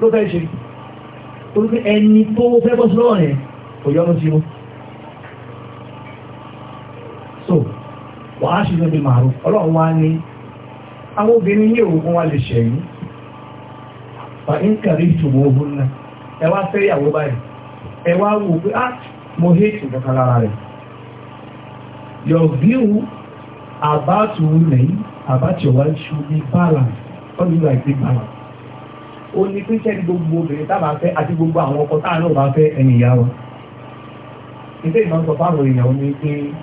ló fẹ́ ṣe torí pé ẹni tó fẹ́ bọ́ sí lọ́wọ́ rẹ̀ kò yọ́nú sí wọn wọ́n bí màrún ọlọ́run wá ní àwọn obìnrin yìí òun wá lè ṣẹ̀yìn wà ní kàrí ìtùmọ̀ ogun náà ẹ fẹ́ ìyàwó báyìí ẹ wò pé á ah, mo hate kankan rẹ̀ your view about women about your wife should be balanced all you like be balanced ó ní pé sẹ́ni gbogbo obìnrin tábà fẹ́ àti gbogbo àwọn ọkọ táà náà bá fẹ́ ẹni ìyá wa ìdí ìmọ̀ sọ fáwọn èèyàn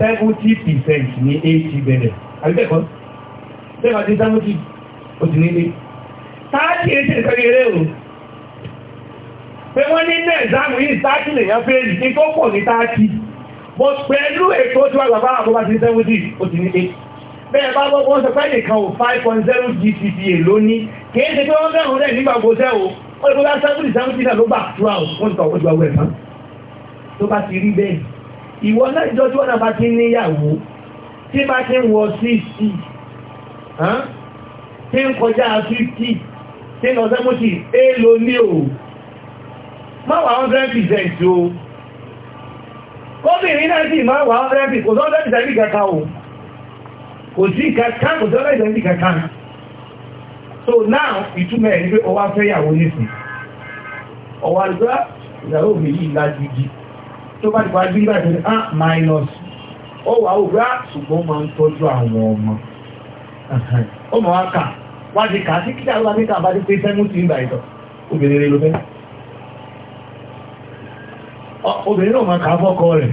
seventy percent ní eighty bẹ̀rẹ̀ àbíbẹ̀kọ́ bẹ́ẹ̀ ti seventy ó ti nílé táàtì eighty nìkan ní eré o pé wọ́n ní ní ẹ̀zámù yìí táàtì lèyàn fẹ́ẹ̀lì ní tó pọ̀ ní táàtì but pẹ̀lú ètò tí wọ́n gbàgbára tó bá ti seventy ó ti nílé bẹ́ẹ̀ bá gbọ́gbọ́n sọ pé nìkan ò 5.0 GPA lónìí kìí ṣe pé wọ́n bẹ̀rún rẹ̀ nígbà gbogbo o ó lè gbogbo 70 70 náà ló gbà tó bá ti ìwọ náà ìjọ tí wọ́n náà bá ti níyàwó tí bá ti ń wọ 60 tí ń kọjá 50 tí ń lọ 70 èlò ní o máa wà 100% o kọ́bìnrin náà sì máa wà 100% kò sọ́dọ̀ ìsẹ́bí kẹta o kò sí kẹta kò sọ́dọ̀ ìsẹ́bí kẹta so now ìtumẹ̀ ní pé ọwá fẹ́yàwó nísìn ọwá ìgbà ìyàwó mi yìí lájú tó bá ti wá ìgbà tó ní ah minus ó wà ah, ó rá ṣùgbọ́n máa ń tọ́jú àwọn ọmọ ó mọ̀ wá kà wá ti kà sí kíkà lọ́la níta àbájú pé sẹ́mú ti ń bà ìtọ̀ obìnrin rẹ̀ ló fẹ́ obìnrin náà máa kà á fọ́kọ rẹ̀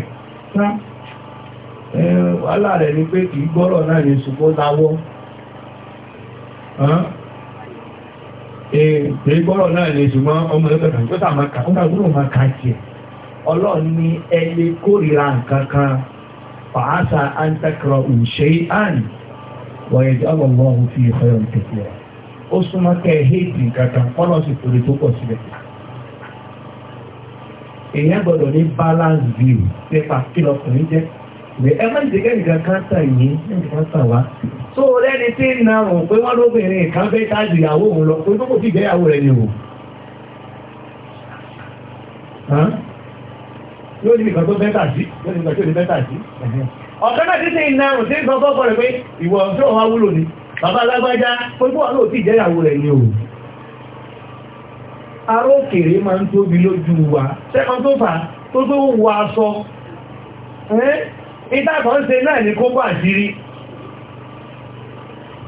wàhálà rẹ̀ ni pé kì í gbọ́rọ̀ náà ní ṣùgbọ́n láwọ́ kì í gbọ́rọ̀ náà ní ṣùgbọ́n ọmọ ẹgbẹ̀rún tó sàmà kà ó dàgbúrò máa kà á tiẹ̀ ọlọ́run ní ẹ lè kórìíra nǹkan kan fàásà antakra òṣè àn wọ̀nyẹ̀dẹ́ ọlọ́wọ́ ọ̀hún fi ìfẹ́ ọ̀hún tẹ̀síọ́ ó súnmọ́ kẹ́ ẹ héètì nǹkan kan kọ́nà sì torí tó pọ̀ síbẹ̀ èèyàn gbọ́dọ̀ ní balance view nípa kí lọkùnrin jẹ́ ìwé ẹ má ìdíkẹ́ nìkan kan tàn yín nìkan tàn wá. tó o lẹ́ni tí ń narùn pé wọ́n lóbìnrin kan fẹ́ tájú ìyàwó òun lọ pé kókò fi ìgbéyàwó rẹ̀ ni o yóò ní ìgbà tó bẹ́tà sí yóò ní ìgbà tó ní bẹ́tà sí ọ̀kan náà títí iná rùn sí ìgbà tó kọ̀rọ̀ pé ìwọ̀ tó wà wúlò ni bàbá alágbájá pípọ̀ náà ti jẹ́yàwó rẹ̀ ni o aró kèrè máa ń tóbi lójú wa sẹ́kọ̀n tó fà tó tó ń wọ aṣọ ìtàkọ̀ ń ṣe náà ní kókó àṣírí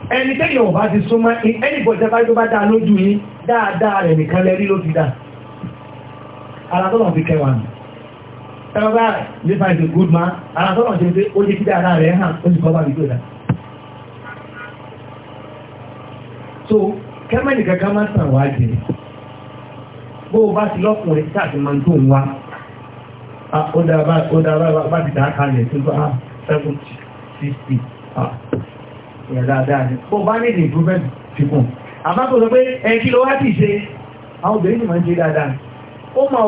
ẹni tẹ́yìn ọ̀bá ti súnmọ́ ẹni bọ̀jẹ́ bá tó bá dáa lójú yín dáadáa rẹ̀ nìkan lẹ́rí ló ti dà ara tó wà fi kẹwàá nù ẹ̀rọ bá rẹ̀ nípa ìdè good man ara tọ́nà ṣe pé ó jẹ́ kí dáadáa rẹ̀ hàn ó sì kọ́ bá ìgbé rẹ̀. so kẹ́mẹ́nì kankan máa ń tàn wá jẹ bó o bá ti lọ́kùnrin káàkiri máa ń tó ń wá ó dára bá ti dáa kalẹ̀ tó bá seventy sixty ìyẹn dáadáa ni bó o bá ní ìdè improvement ti kùn àbá tó sọ pé ẹ kí ló wá ti ṣe àwọn obìnrin ni máa ń ṣe dáadáa ó máa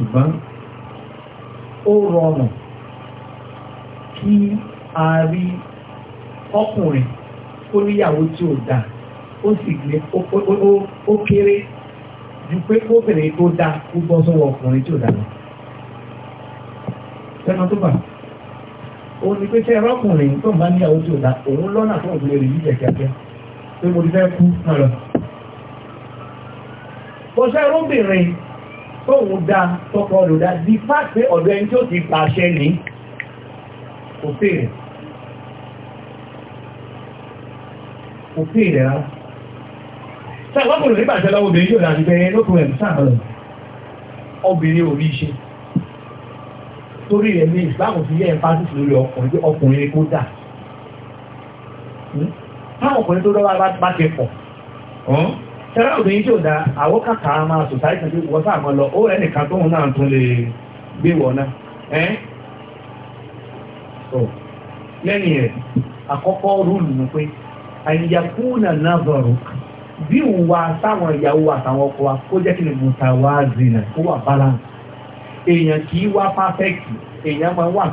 ṣùgbọ́n ó rọrùn kí a rí ọkùnrin kó níyàwó tí ò dáa ó sì gbé ó kéré ju pé obìnrin tó dáa kó bọ́ sọ́wọ́ ọkùnrin tí ò dáa lọ. sẹ́nu tó bà ó ní pé sẹ́ ọkùnrin tó ń bá níyàwó tí ò dáa òun lọ́nà tó ń lè rí kíákíá pé mo ti fẹ́ kú náà lọ. bọ́sẹ̀ ọ̀rọ̀ obìnrin tóun dá tọ́kọ rò dá di fáṣẹ́ ọ̀dọ̀ ẹni tí ó ti pàṣẹ ní òfin rẹ̀ òfin rẹ̀ rárá sàgbọ́kùnrin nígbàtí ọlọ́wọ́ obìnrin yóò dájú pé lókùn ẹ̀ sàmọ̀lẹ̀ obìnrin ò rí iṣẹ́ torí rẹ̀ ní ìsìláàmù fi yẹ ẹ̀ fásitì lórí ọkùnrin pé ọkùnrin kó dà hmm? táwọn ọkùnrin tó dọ́wọ́ bá ti pọ̀ hmm? sara obìnrin tí ò da àwọn kàkà máa sòsáìtì pé wọ́n sáà mọ́ lọ ó rẹ̀ nìkan na náà tún lè gbé wọ̀ náà ẹ́ lẹ́yìn ẹ̀ àkọ́kọ́ rúùlù ni pé àyàkúnà náà bọ̀rọ̀ bí ìwà táwọn ìyàwó àtàwọn ọkọ wa kó jẹ́ kí ni mùtàwázìnà kó wà balance èèyàn kì í wá perfect èèyàn máa wà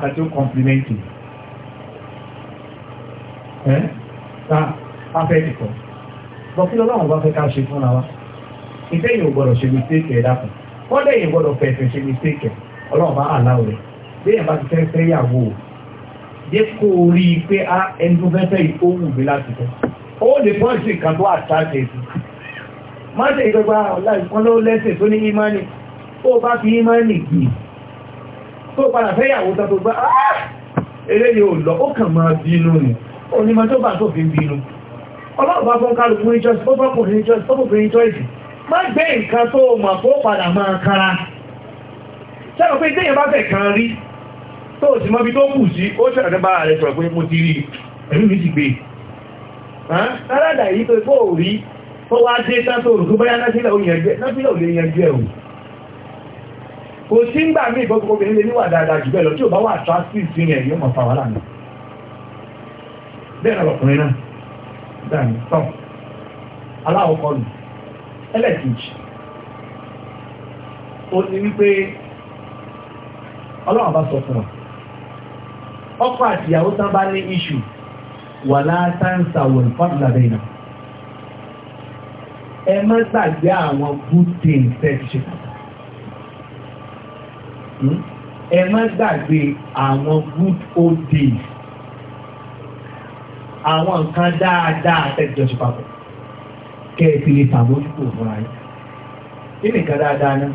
bọ́kí ọlọ́run bá fẹ́ ká ṣe fúnra wa ìfẹ́ yìí ò gbọ́dọ̀ ṣe mistake ẹ̀ dákun wọ́n dẹ̀ yìí gbọ́dọ̀ fẹ̀fẹ̀ ṣe mistake ẹ̀ ọlọ́run bá àláwọ̀ rẹ̀ bẹ́ẹ̀ bá ti fẹ́ fẹ́ yàwó o jẹ́ kó o rí i pé ah, ẹni tó fẹ́ fẹ́ yìí ó wù mí láti fẹ́ ó lè pọ́ǹsì kan tó àtàkè sí má ṣe ìjọba ọ̀làìkan ló lẹ́sẹ̀ tó ní ímánì tó bá fi ímánì gbì tó padà fẹ́ yàwó tó tó gbá ah, ò lọ ó kàn máa bínú ni onímọ̀ ọlọ́ọ̀bá fún kálùkù ìjọsí tó fọ́kùnrin ìjọsí tó fọ́kùnrin ìjọsí má gbé nǹkan tó mọ̀ fó padà máa kára sẹ́nu pé téèyàn bá fẹ̀ kan rí tó sì mọ́bí tó kù sí ó ṣẹ̀rẹ̀ bá rẹ̀ sọ̀rọ̀ pé mo ti rí ẹ̀rí mi sì gbé aládà e. yìí pé kó rí tó wá dé tán tó rùkú báyá násílẹ̀ ò lè yanjú ẹ̀rù kò sí ń gbà mí ìgbọ́gbọ́ obìnrin lè níwà dáadáa jù bẹ́ẹ̀ lọ tí ò bá wà attractive sí yẹn yóò mọ̀ fà wà bẹ́ẹ̀ náà náà dàní tán aláwọ̀kọ́ lù ẹlẹ́kejì ó ní wípé ọlọ́run bá sọ fún wa ọkọ àti ìyàwó tán bá ní iṣu wà látàǹsà wọ̀n fọ́dùlà bẹ́ẹ̀ náà ẹ má gbàgbé àwọn good things tẹ́ ti ṣe pàtàkì hmm? ẹ má gbàgbé àwọn good old days àwọn nǹkan dáadáa àtẹ̀jọ́ ṣe papọ̀ kẹ́ ẹ fi lè tàbójútó fúnra yín kí dáadáa náà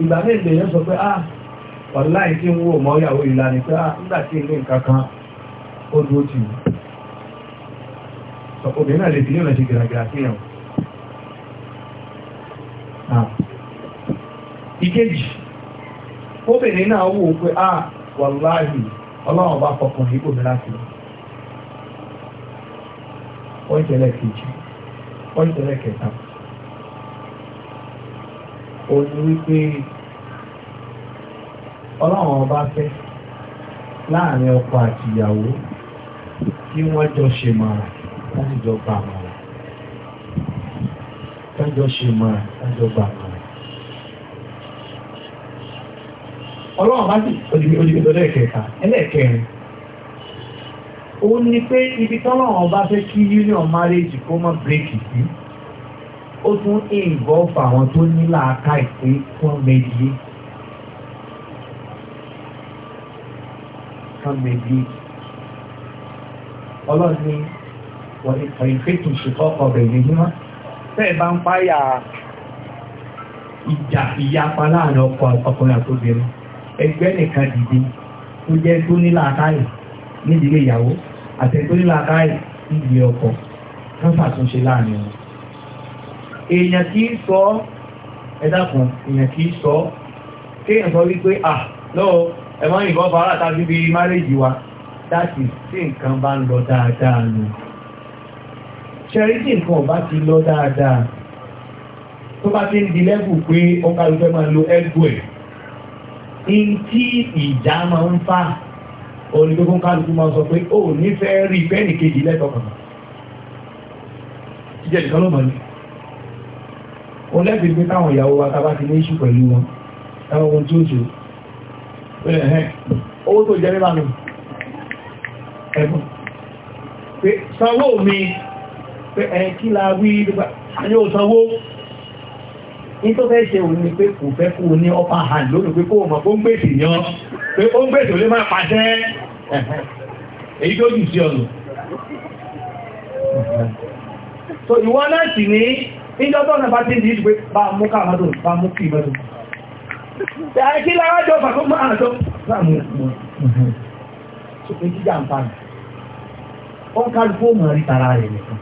ìgbà mélòó sọ pé ah wàláì tí ń wò mọ́ ìyàwó ìlànà pé ah nígbà tí ilé nǹkan kan ó dúró tì obìnrin náà lè fi yóò lọ sí ẹ̀wọ̀n ah. ìkejì obìnrin náà wò ó pé ah ọlọ́run bá pọ́ìntì ẹlẹ́kejì pọ́ìntì ẹlẹ́kẹta ó ní wípé ọlọ́run ọba fẹ́ láàrin ọkọ àti ìyàwó kí wọ́n jọ ṣe màrà wọ́n sì jọ gbà màrà wọ́n jọ ṣe màrà wọ́n jọ gbà màrà. ọlọ́run bá sì òdìbí òdìbí lọ́dọ̀ ẹ̀kẹta ẹlẹ́ẹ̀kẹrin òun ni pé ibi tọ́lọ́wọ́n bá fẹ́ kí union marriage kó mọ́ bírèkì sí ó tún involve àwọn tó ní làákà ìpè fún mẹ́díé kan mẹ́díé ọlọ́run ní wọ́n ní ìfẹ́tù ṣùkọ́ ọbẹ̀ yìí mímọ́ bẹ́ẹ̀ bá ń páyà ìjà ìyapa láàrin ọkọ ọkùnrin àtòbìnrin ẹgbẹ́ nìkan dìde tó jẹ́ tó ní làákàyè nídìílé ìyàwó àtẹ̀tọ́rí làkáì níbi ọkọ̀ wọ́n ṣàtúnṣe láàrin wọn. èèyàn kì í sọ ẹ̀dàkùn èèyàn kì í sọ kéèyàn sọ wípé à lọ́wọ́ ẹ̀wọ́n yìnbọn fara tàbí bíi márèjì wa láti tí nǹkan bá ń lọ dáadáa nù. ṣẹ́rí tí nǹkan ò bá ti lọ dáadáa tó bá ti ń di lẹ́bù pé ọkàlùfẹ́ máa lo ẹgbẹ́ ẹ̀ ní tí ìjà máa ń fà onígbogbo kálukú máa sọ pé ó nífẹ̀ẹ́ rí fẹ́ẹ̀nì kejì lẹ́tọ̀ọ̀kan jíjẹ́ nìkan ló mọ̀ ní o lẹ́bi pé táwọn ìyàwó wa tábà ti ní iṣu pẹ̀lú wọn táwọn ohun tí ó ṣe owó tó jẹ́ nípa mi ẹ̀bùn pé sanwó mi la wí nípa àyè ò sanwó ní tó fẹ́ ṣe òun ni pé kò fẹ́ kú ní upper hand lónìí pé kó o mọ̀ kó ń gbèsè yan pé ó ń gbèsè ó máa pàṣẹ èyí tó jù sí ọ̀nà so ìwọ náà sì ní ìjọ tó ọ̀nà bá ti ní ìdìgbé bá mú káàmàdùn bá mú kí ìmọ̀dùn kí lára jọ fàkó máa àjọ láàmú ṣùgbọ́n jíjà ń parí ó ń kárí fóòmù rí tara rẹ̀ nìkan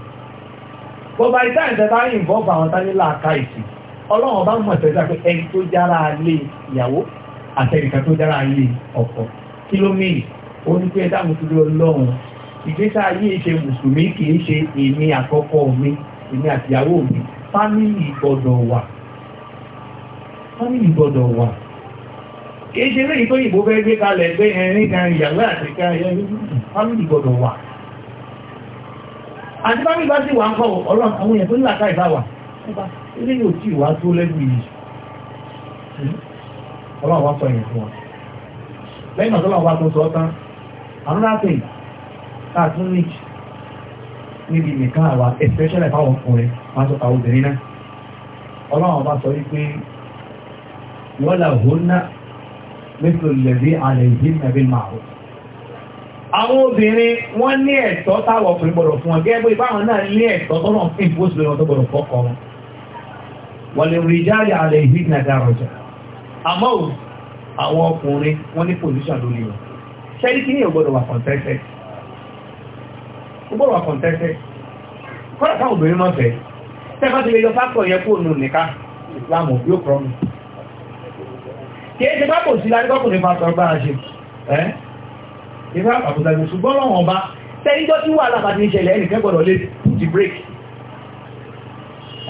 gbogbo àìsàn ìtẹ́ta yìí ń bọ́ bá àwọn tánilá àká ìsìn ọlọ́run bá mọ̀ tẹ́jà pé ó ní pé dáàmú tó lọ lọ́hùn ìgbésẹ̀ ayé ṣe mùsùlùmí kì í ṣe èmi àkọ́kọ́ mi èmi àtìyàwó mi fámìlì gbọ́dọ̀ wà fámìlì gbọ́dọ̀ wà kì í ṣe lẹ́yìn tó yìnbó fẹ́ gbé kalẹ̀ gbé ẹ̀rín kan ìyàwó àti kan fámìlì gbọ́dọ̀ wà àti bá nígbà sí wà ń kọ́ ọlọ́run àwọn èèyàn tó ní làkà ìbá wà ilé yóò tí wà tó lẹ́nu yìí ọlọ́run wá sọ èèyàn fún wa lẹ́yìn ọ̀tọ́lọ́run wá tó sọ tán another thing tá a tún ní níbi nìkan àwa especially fáwọn ọkùnrin máa tó àwọn obìnrin náà ọlọ́run bá sọ wípé wọ́n là hún náà mẹ́tò lẹ̀dí àlẹ́yìí nàbí màá àwọn obìnrin wọ́n ní ẹ̀tọ́ táwọn ọkùnrin gbọ́dọ̀ fún wọn gẹ́gẹ́ bí báwọn náà ní ẹ̀tọ́ tọ́nà fún ìfowósí àmọ́ àwọn ọkùnrin wọ́n ní pòlíṣà lórí wọn ṣẹ́rí kí ní ọgbọ́dọ̀ wà kọ̀ǹtẹ́sẹ̀ ọgbọ́dọ̀ wà kọ̀ǹtẹ́sẹ̀ kọ́dà táwọn obìnrin náà fẹ́ tẹ́fà ti lè yọ fákọ̀ yẹn kó nù nìka ìsìlámù yóò kọ́ mi kìí ṣe pápò sí láti kọ́kùnrin fa sọ̀rọ̀ gbára ṣe ẹ́ ìfẹ́ àpàkùnrin àti ṣùgbọ́n lọ́wọ́n ọba tẹ́níjọ́ tí wà lábàá ti ń ṣẹlẹ̀ ẹnìkẹ́ gbọ́dọ̀ lè put the break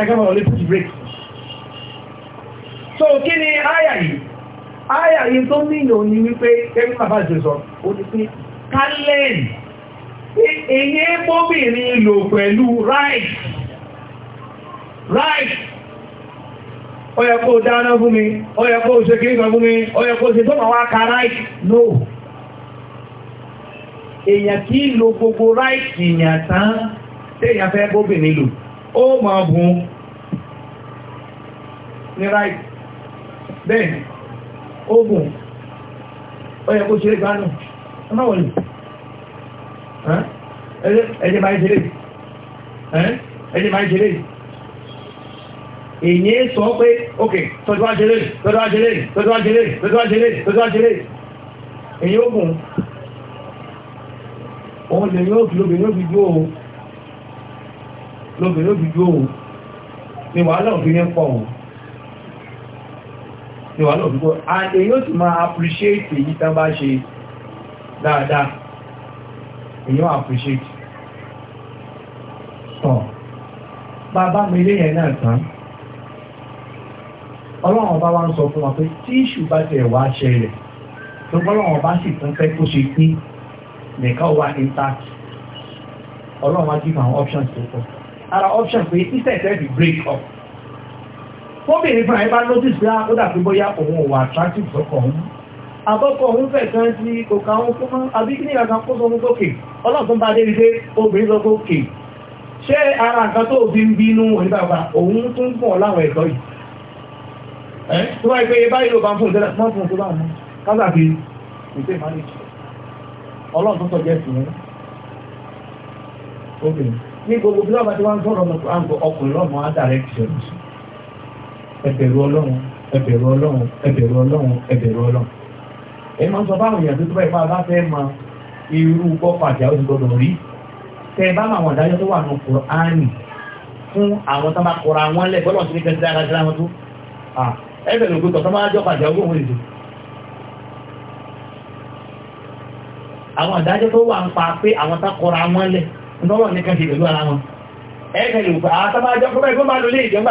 ẹgbẹ́ gbọ́dọ̀ lè put break so kí ni áyà yìí Ayà yìí tó mìnà ní wípé kẹ́rí bàbá jẹ́sọ̀, ó ti pín kálẹ̀n. Èyí mọ́bìnrin lò pẹ̀lú right. Right. Ó yẹ kó dáná fún mi, ó yẹ kó ṣe kíríkọ fún mi, ó yẹ kó ṣe tó máa wá ka right. No. Èyàn kí lo gbogbo right ìyàn tán téèyàn fẹ́ bóbìnrin lò. Ó máa bùn ní right. Bẹ́ẹ̀ni ogun ọyẹ kó ṣeré gbánù ọmọ wọlé ẹjẹ máa ń ṣeré ẹjẹ máa ń ṣeré èyí sọ pé ok tọ́jú wá ṣeré tọ́jú wá ṣeré tọ́jú wá ṣeré tọ́jú wá ṣeré tọ́jú wá ṣeré èyí ogun òun lè yóò fi lóbìnrin ó fi jó o lóbìnrin ó fi ni wàhálà òfin ní pọ̀ o ṣe wà lọ́pùpù and èyí ó ti máa appreciate èyí tán bá ṣe dáadáa èyí ó appreciate tọ̀ bàbá mi ilé yẹn náà tán ọlọ́run bá wá ń sọ fún wa pé tí ìṣù bá tẹ̀ wá ṣẹlẹ̀ tó bọ́lọ́run bá sì tún fẹ́ kó ṣe pín nìkan wá intact ọlọ́run wá jí fún options tó pọ̀ ara option pé ìṣẹ̀tẹ̀ ti break up fóbìnrin fún àyíká notice pé ah, ó dàbí bóyá òun ò wà attractive sọ́kọ̀ ọ̀hún àbọ́kọ̀ òun fẹ̀ kan ti kòkà òun fún mọ́ àbí kí ní ìrànà kó sọ òun sókè ọlọ́tún bá dé wípé obìnrin lọ sókè ṣé ara nǹkan tó fi ń bínú oníbàbà òun tún ń pọ̀ láwọn ẹ̀tọ́ yìí ẹ́ tó wáyé pé báyìí ló bá ń fún ìtẹ́lẹ̀ mọ́ fún tó bá tí wọ́n ń sọ̀rọ̀ ẹbẹ̀rù ọlọ́run ẹbẹ̀rù ọlọ́run ẹbẹ̀rù ọlọ́run ẹbẹ̀rù ọlọ́run. ẹ máa ń sọ báwọn èèyàn tó tó báyìí bá a bá fẹ́ mọ irú bọ́pọ̀ àti àwọn ìgbọ́dọ̀ rí tẹ bá àwọn àdájọ́ tó wà nù kùránì fún àwọn tó bá kọra wọn lẹ̀ bọ́lọ̀ sí ní kẹsí dára sí àwọn tó ẹbẹ̀ ló gbẹtọ̀ tó bá jọ pàdé ọgbọ̀n wọn èdè. àwọn àdájọ́ tó wà ń pa pé àwọn tó kọra wọn lẹ̀ ń tọ́wọ̀ ní bá jọ pé bá lólé ìjọba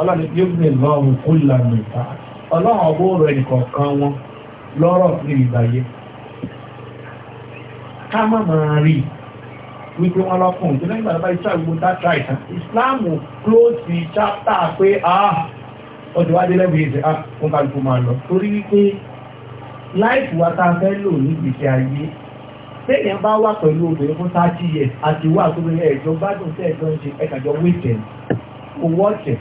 ọlọ́ni yóò gbé lọ́rùn kó lànà ìta ọlọ́run ọgbó rẹ̀ nìkọ̀ọ̀kan wọn lọ́rọ̀ sí ìgbàyé ká má máa rí wípé wọ́n lọ́kùn tó lẹ́yìn bàbá iṣẹ́ àgbò dáta ìtàn ìsìláàmù klóòsì chápítà pé a ah, ọdún wájú lẹ́gbẹ̀ẹ́ ìṣẹ́ a ah, fún kálukú máa lọ torí wípé láìpù wa tá a fẹ́ lò ní ìṣẹ́ ayé téèyàn bá wà pẹ̀lú obìnrin fún thirty years àti wà tó bẹ̀rẹ̀ ẹ̀jọ̀ gbádùn sí ń ṣe ẹ̀kàjọ wíìtẹ̀ owó ọ̀tẹ̀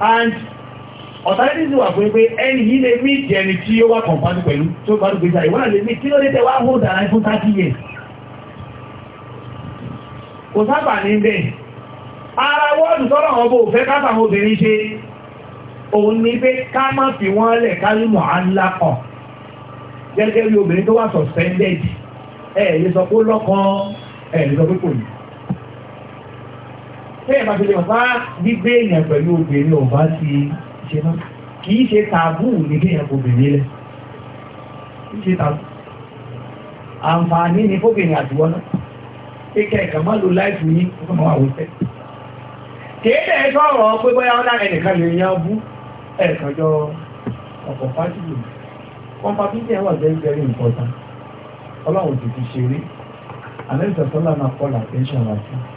and authorities wà fún pé ẹni yìí lè mí ìdí ẹni tí ó wà kọ̀ǹpánì pẹ̀lú tó bá dùn gbèsè ìwọ́n lè mí tí ó lè wá hó dára fún 30 years kò sábà ní bẹ́ẹ̀ ara wọ́ọ̀dù tọ́rọ ọmọ òfẹ́ kábàwọn obìnrin ṣe òun ni pé ká má fi wọ́n lẹ̀ kálímọ̀ alákọ̀ gẹ́gẹ́ bí obìnrin tó wà suspended ẹ̀ lè sọ pé lọ́kàn ẹ̀ lè sọ pé kò ní fẹ́ẹ̀ bá tẹ̀lé ọ̀bá gbígbé èèyàn pẹ̀lú obìnrin ọ̀bá ti ṣe náà kì í ṣe tàbú ní kí èèyàn obìnrin lẹ̀ kì í ṣe tàbú àǹfààní ni fóbìnrin àtiwọ́ náà kíkẹ́ ẹ̀kà má lo láìpù ní ọmọ àwọn ìfẹ́ kéèdè sọ̀rọ̀ pé bóyá ọ̀nà ẹnìkan lè yan bú ẹ̀kan jọ ọ̀pọ̀ fásitì kọ́mpápítì ẹ̀wà jẹ́jẹ́rì nǹkan ta ọlọ́run ti fi ṣeré àlẹ́ ìsọ̀tọ́lá náà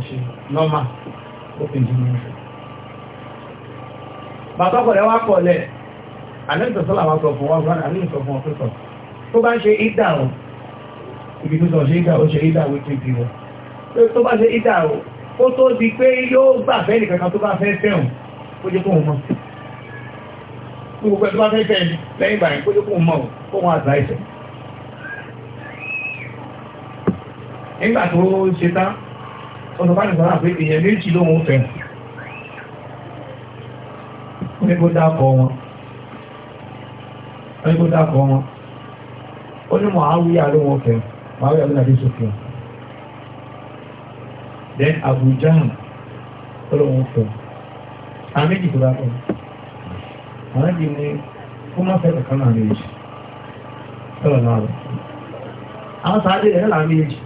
ṣe nọ́mà ó fi jù mẹ́rin bàtọ́kọ̀ rẹ̀ wá pọ̀ lẹ̀ àlẹ́sọ̀sọ́là wá sọ fún wọn gbọ́n àlẹ́sọ̀ fún ọ̀pẹ́sọ̀ tó bá ibi tó sọ ṣe ìdà ó ṣe ìdà wí tí ìwọ̀ tó bá ṣe ìdà o ó tó di pé yóò gbà fẹ́ nìkankan tó bá fẹ́ fẹ́hùn ó jẹ́ kóhun gbogbo ẹ̀ tó lẹ́yìn ìgbà yẹn kó jẹ́ kóhun mọ́ kóhun àgbà nígbà tó ṣe tán olùbánisọ̀rọ̀ àpé èèyàn méjì lóhun fẹ́ onígbódákọ̀ wọn onígbódákọ̀ wọn ó ní Muawiya lóhun fẹ́ Muawiya lóhun àti sókè then Abu Jahl lóhun fẹ́ àwọn méjì tó dákọ̀ àwọn méjì ni kó má fẹ́ kankan náà méjì sọ̀rọ̀ náà àwọn sáré ẹ̀ náà méjì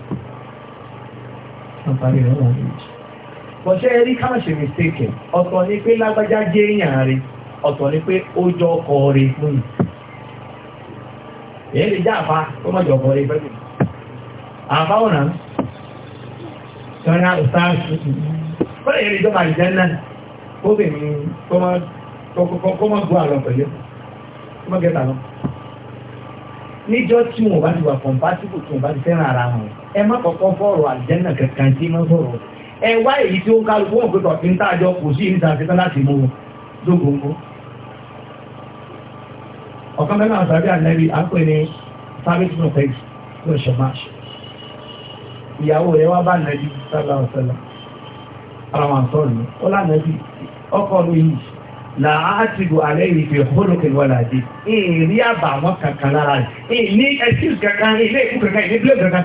àǹfààní rẹ̀ wọ́n lè jù. bọ̀ṣẹ́ rí káàṣì mistake ọ̀tọ̀ ni pé lágbájá jẹ́ èèyàn rẹ̀ ọ̀tọ̀ ni pé ó jọ ọkọ rẹ̀ fún mi. èyí lè jẹ́ àfa tó mọ̀jọ ọkọ rẹ̀ fẹ́ mi. àfa ọ̀nà tọ́lá ọ̀sáàsì bọ́lá èyí lè jọ màlìjẹ́ náà ó bè mí kó má gbọ́ àlọ́ pẹ̀lú kó má gẹ́ta lọ. níjọ́ tí wọn bá ti wà compatible tí wọn bá ti fẹ́ràn ara wọn ẹ má kọ̀kọ́ fọ̀rọ̀ àjẹ́nà kankan tí má sọ̀rọ̀ ẹ wá èyí tí ó kálukú wọn pẹ̀tọ̀ tí ń tàjọ kò sí ìrìnsà sí láti mú dógóńgó ọ̀kan mẹ́rin àtàrí ànẹ́rí àpẹ ní sábẹ́tì náà pẹ̀lú tó ṣe máa ṣe ìyàwó rẹ̀ wá bá ànẹ́rí sábà ọ̀sẹ̀lá ara fi hólókè wọn là dé èrí àbàwọn kankan lára rẹ̀ ní ẹtí kankan ilé ìkú kankan ilé ìdílé kankan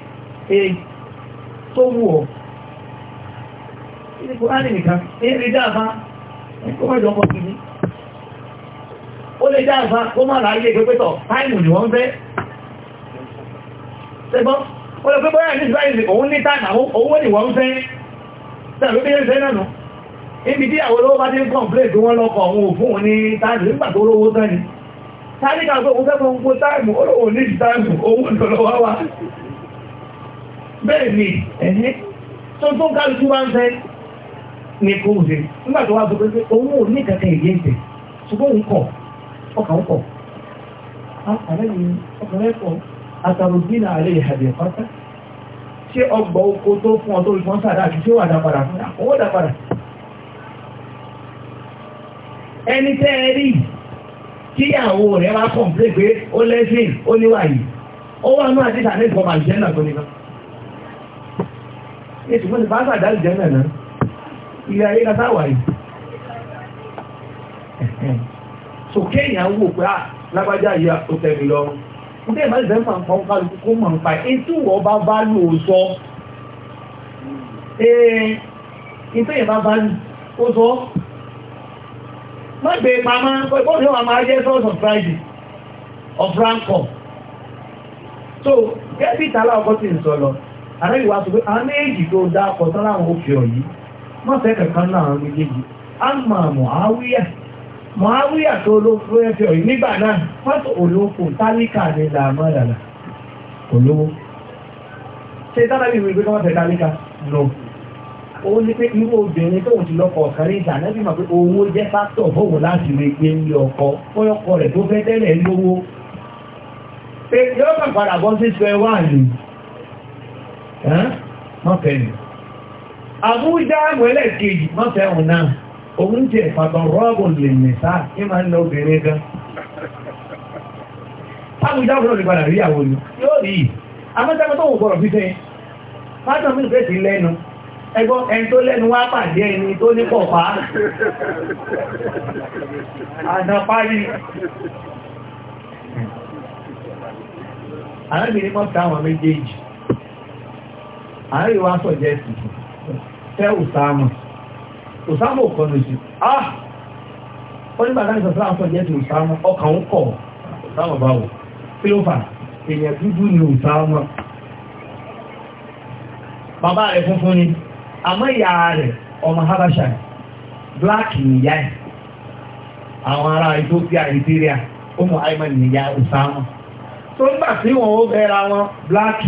èyí tó wù ọ́ ìdíkò á nìkan èrí dáàbá kó mọ́ ìjọpọ̀ sí ní ó lè dáàbá kó mọ́ àlàyé ìgbẹ́gbẹ́tọ̀ táìmù ni wọ́n fẹ́ ṣẹgbọ́n ó lè pẹ́ bọ́yà ní ìgbáyìí òun ní táìmù owó tí àwọn olówó bá ti ń kọ̀m̀plẹ̀ tó wọ́n lọ́kọ̀ àwọn òfún ní táàmù nígbà tó olówó tán ni táàmù bẹ́ẹ̀ ni ẹ̀hẹ́ tó tó ń kálukú wá ń fẹ́ ní kó o ṣe nígbà tó wá sọ pé owó ò ní kankan ìyé ìtẹ̀ ṣùgbọ́n òun kọ̀ ọkàn ń kọ̀ ah, ọkùnrin kọ̀ àtàrògbìn àlẹ́ ìhàdẹ̀ pátá ṣé ọgbà oko tó fún ọ tó rí fún sàdá àti ṣé wà dápadà fún ah, owó dápadà ẹni tẹ́ ẹ rí kí àwọn ọ̀rẹ́ wa kọ̀ǹplé pé ó lẹ́sìn ó níwà yìí ó wà ní àdìsá ní ìfọ̀mà ìṣẹ́ náà tó nìkan èsì fún ìfàáṣà àdáàlì jẹ́ mẹ́rin ilé ayé la táwà yìí so kéèyàn wò pé à ah, lágbájá yìí ó tẹ̀lé lọ mo dé ìbáṣẹ̀ sẹ́fà ń pọ́n kálukú kó mọ̀ nípa ètò ìwọ̀ bá bá lò sọ ètò ìyẹn bá bá ó sọ má gbé e pamọ́ pé bọ́ọ̀lù yóò máa jẹ́ source of friday of rancor so gẹ́gẹ́ bí ìtàlá ọkọ̀ ti ń sọ lọ. àrẹ́bí wa sọ pé àwọn méjì tó dá ọ̀tán láwọn òkè ọ̀ yìí má fẹ́ kankan náà àwọn méjèèjì á mọ Muawiya Muawiya tó ló fẹ́ nígbà náà olóko tálíkà pé kí wọ́n fẹ́ tálíkà lọ n'i ní pé irú obìnrin ti pé owó jẹ́ láti ọkọ rẹ̀ tó fẹ́ tẹ́lẹ̀ lówó mọ́fẹ́ ni àmúdá kejì mọ́fẹ́ òun náà òun jẹ́ ìfàtàn rọ́ọ̀bù lè mẹ́ta ní máa ń lọ obìnrin gan tábùjá òun lè rí àwọn ni si lenu, ẹgbọ́ ẹni tó lẹ́nu wá pàdé ẹni tó ní pọ̀pá àdàpárí arábìnrin mọ́ta àwọn méjèèjì àárí wa sọ̀jẹ́ sí fẹ́ òsáàmù òsáàmù òkan ló sí ah ó nígbà láti sọ̀tún àwọn sọ̀jẹ́ sí òsáàmù ọkàn ń kọ̀ òsáàmù báwò pé ó fà èèyàn dúdú ni òsáàmù bàbá black black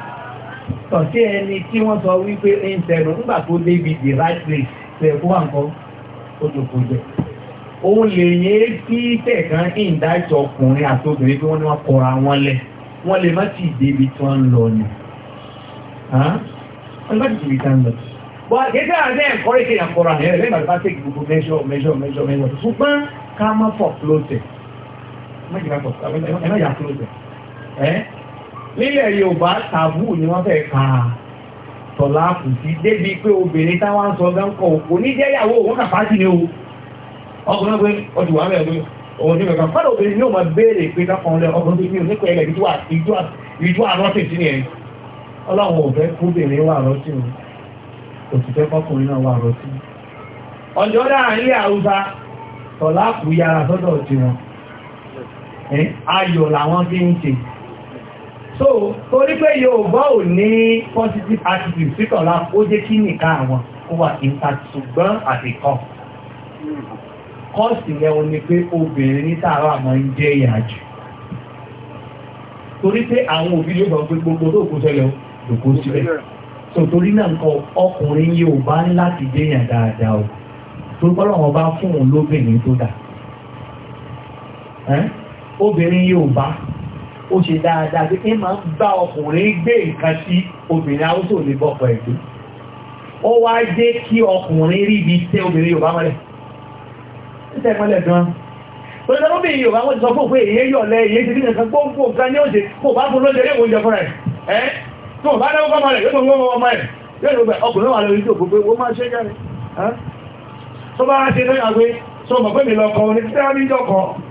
tọ̀sí ẹni tí wọ́n sọ wípé ń tẹnu nígbà tó débi the right place tẹ̀ kó wà nǹkan ó tó kó jẹ. òun lè yé sí tẹ̀kan ìdájọ́ ọkùnrin àti obìnrin bí wọ́n ní wọ́n kọra wọn lẹ̀ wọ́n lè má ti débi tí wọ́n ń lọ ni. wọ́n bá ti débi tí wọ́n ń lọ. wọ́n gẹ́gẹ́ àti ẹ̀kọ́ rẹ̀ kéèyàn kọra ẹ̀ lẹ́yìn àti pàṣẹ gbogbo measure measure measure measure ṣùgbọ́n ká má fọ̀ close ẹ̀ má jìlá fọ̀ ẹ̀ má yà close ẹ̀ nílẹ̀ Yorùbá tàbú ni wọ́n fẹ́ ka tọ̀láàpù sí débi pé obìnrin táwọn ń sọ gánkọ̀ òkú ní kà ni o ọkùnrin pé ọdún wà mẹ́rin obìnrin ní òun béèrè pé kákan ọkùnrin tó ní ẹ̀rẹ̀ ìjú àrọ́tì sí ọlọ́run wà so torí pé Yorùbá ò ní positive attitude sí tọ̀la ó jẹ́ kí nìka àwọn ó wà impact ṣùgbọ́n àtìkọ́ kọ́ọ̀sì yẹn o ni pé obìnrin ní tààrà máa ń jẹ́ ìyà jù torí pé àwọn òbí yóò gbọ́n pé gbogbo tó kó ṣẹlẹ̀ òkú síbẹ̀ so torí náà nǹkan ọkùnrin Yorùbá ní láti jẹ́ ìyà dáadáa o torí pé ọlọ́run bá fún òun lóbìnrin tó dà obìnrin Yorùbá ó ṣe dáadáa pé kí máa ń bá ọkùnrin gbé nǹkan sí obìnrin haúsá ò lè bọ́ ọkọ ẹ̀gbẹ́ ó wá dé kí ọkùnrin rí ibi tẹ obìnrin yorùbá mọ́lẹ̀ ń tẹ́ mọ́lẹ̀ gan-an pẹ̀lú ọmọ bíi yorùbá wọ́n ti sọ fún pé èyí yọ̀ lẹ èyí ti dínà kan gbóngbò kan ní òjè kò bá fún lóúnjẹ yóò oúnjẹ fún rẹ̀ ẹ́ tó bá dáwọ́ fọ́mọ rẹ̀ yóò gbọ́n ọmọ rẹ̀ yóò lọ bẹ̀ ọkùnrin wà lórí tó gbogbo owó máa ṣe jáde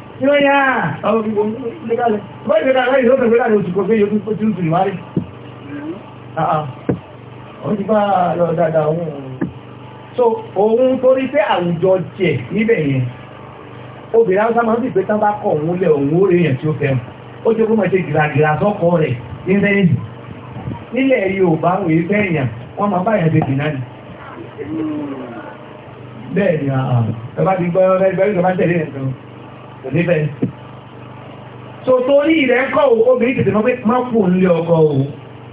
ló yá àwọn gbogbo gbékalẹ̀ bọ́ọ̀lù gbékalẹ̀ ìlú ọ̀fẹ́ gbékalẹ̀ oṣù kò gbé yóò tó tún tún wárí mm-hmm. ah, ah. àwọn ti bá lọ dáadáa òun so òun torí pé àwùjọ jẹ níbẹ̀ yẹn obìnrin haúsá máa ń dìgbé tán bá kọ̀ òun lẹ̀ òun ó rèèyàn tí ó fẹ́ ó jẹ́ kó máa ṣe gìràgìrà sọ́kọ rẹ̀ ní sẹ́yìn nílẹ̀ Yorùbá àwọn èyí fẹ́ èèyàn wọ́n máa bá èèyàn ṣe dì náà ni mm-hmm. bẹ́ẹ̀ ni ah, ẹ bá ti gbọ́ ẹ bá ń kò nífẹ̀ẹ́ so torí rẹ̀ ń obìnrin tètè ma pé má kù ọkọ o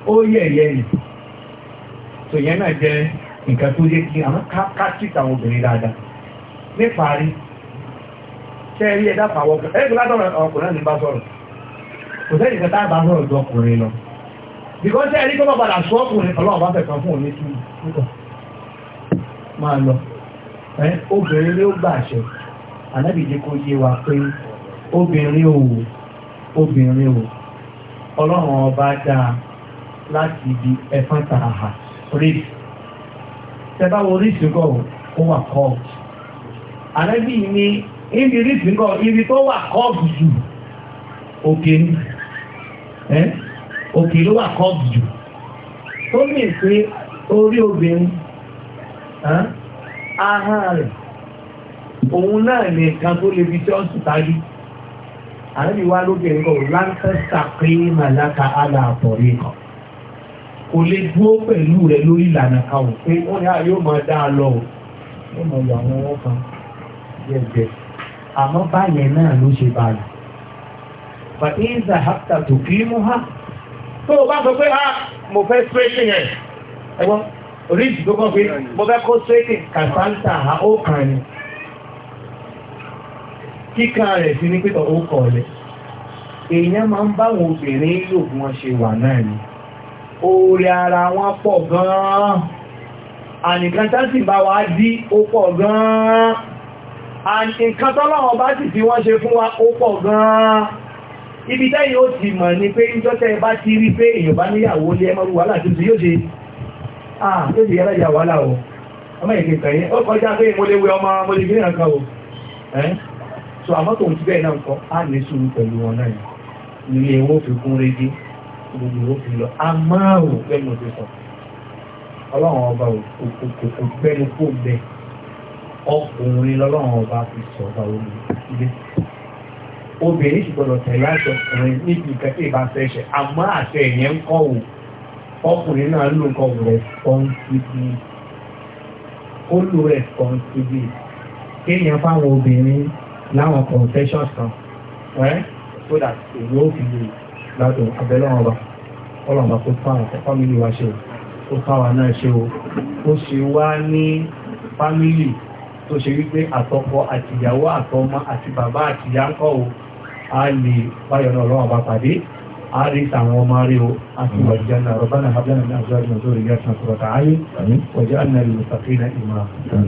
ó so yẹn náà jẹ́ nǹkan e yẹ kí àwọn ká tìta àwọn obìnrin dáadáa níparí tẹ́rí ẹ̀dá pàwọ́ ẹ̀rẹ́gbẹ́ látọ̀rọ̀ ọkùnrin ní bá kò sẹ́ni ọkùnrin lọ bìkọ́ sọ ọkùnrin fún ànábì jẹ́ kó yé wa pé obìnrin ò obìnrin ò ọlọ́run ọba dáa láti di ẹ̀fọn tààhà rírì tẹ́bá wo rírì gọ̀ ó wà kọ́ ànábì ní ibi rírì gọ̀ ibi tó wà kọ́ jù òkè ní ẹ́ òkè ló wà kọ́ jù tó mì pé orí obìnrin ahọ́n rẹ̀ òun náà ní kan tó lè fi ṣọ́ọ̀ṣì parí àrẹ́bí wá lókè ẹ̀kọ́ láńkẹ́sà pé màláka aláàbọ̀rẹ́ kan kò lè dúró pẹ̀lú rẹ̀ lórí ìlànà kan ò pé wọ́n yá ah, yóò máa dá a lọ ò yóò máa yọ àwọn ọwọ́ kan yẹ̀gbẹ́ àmọ́ báyẹn náà ló ṣe báyìí bàtí ń sà hápítà tó kí mú ha tó o bá sọ pé ha ah, mo fẹ́ sírẹ́tì yẹn ẹ̀gbọ́n orí ìdìbò kan pé mo fẹ́ kó sírẹ́tì kàtàǹtà ha ó kàn ní kíkà rẹ̀ sí ní pẹ́tọ̀ ó kọ̀ọ̀lẹ̀ èèyàn máa ń báwọn obìnrin lò bí wọ́n ṣe wà náà ni oore ara wọn pọ̀ gan-an ànìkan tásì bá wa dí ó pọ̀ gan-an ànìkan tọ́lọ́wọ́ bá sì fi wọ́n ṣe fún wa ó pọ̀ gan-an ibi tẹ́yìn ó ti mọ̀ ní pé ìjọ́tẹ́ bá ti rí pé èèyàn bá níyàwó lé ẹmọ́rú wàhálà tuntun yóò ṣe ah yóò ṣe yára ìyà wàhálà o ọmọ ìgbẹ̀kẹ̀yẹ ó kọjá pé mo lè wẹ ọmọ mo lè gbé ìrànkan o so àmọ́ tó ń ti bẹ́ẹ̀ náà ń kọ́ á ní sùúrù pẹ̀lú wọn náà ni ilé wọn fi kún rédí gbogbo wọn fi lọ àmọ́ ò gbẹ́nu ti sọ ọlọ́run ọba kò gbẹ́nu kó bẹ ọkùnrin lọ́lọ́run ọba fi sọ ọba omi obìnrin sì gbọdọ̀ tẹ̀lé àṣẹ ọkùnrin níbi ìkẹ́ tí ìbá fẹ́ ṣe àmọ́ àṣẹ ìyẹn ń kọ́ wò ọkùnrin náà ló ń kọ́ wò rẹ̀sponsibí ó lò rẹ̀sponsibí kéèyàn fáwọn obìnrin láwọn confessions kan ẹ́ so that èyí ó fi lè gbádùn abẹ́lọ́wọ́n ọba ọlọ́mọba kó fún àwọn fámìlì wa ṣe ó fáwa náà ṣe o ó ṣe wá ní fámìlì tó ṣe wípé àtọkọ àtìyàwó àtọmọ àti bàbá àtìyá ń kọ́ o a lè báyọ̀ náà ọlọ́wọ́n ọba pàdé عارف عن وماريو أكل الجنة ربنا هب لنا من أزواجنا ذرياتنا قرة أعين وجعلنا للمتقين إماما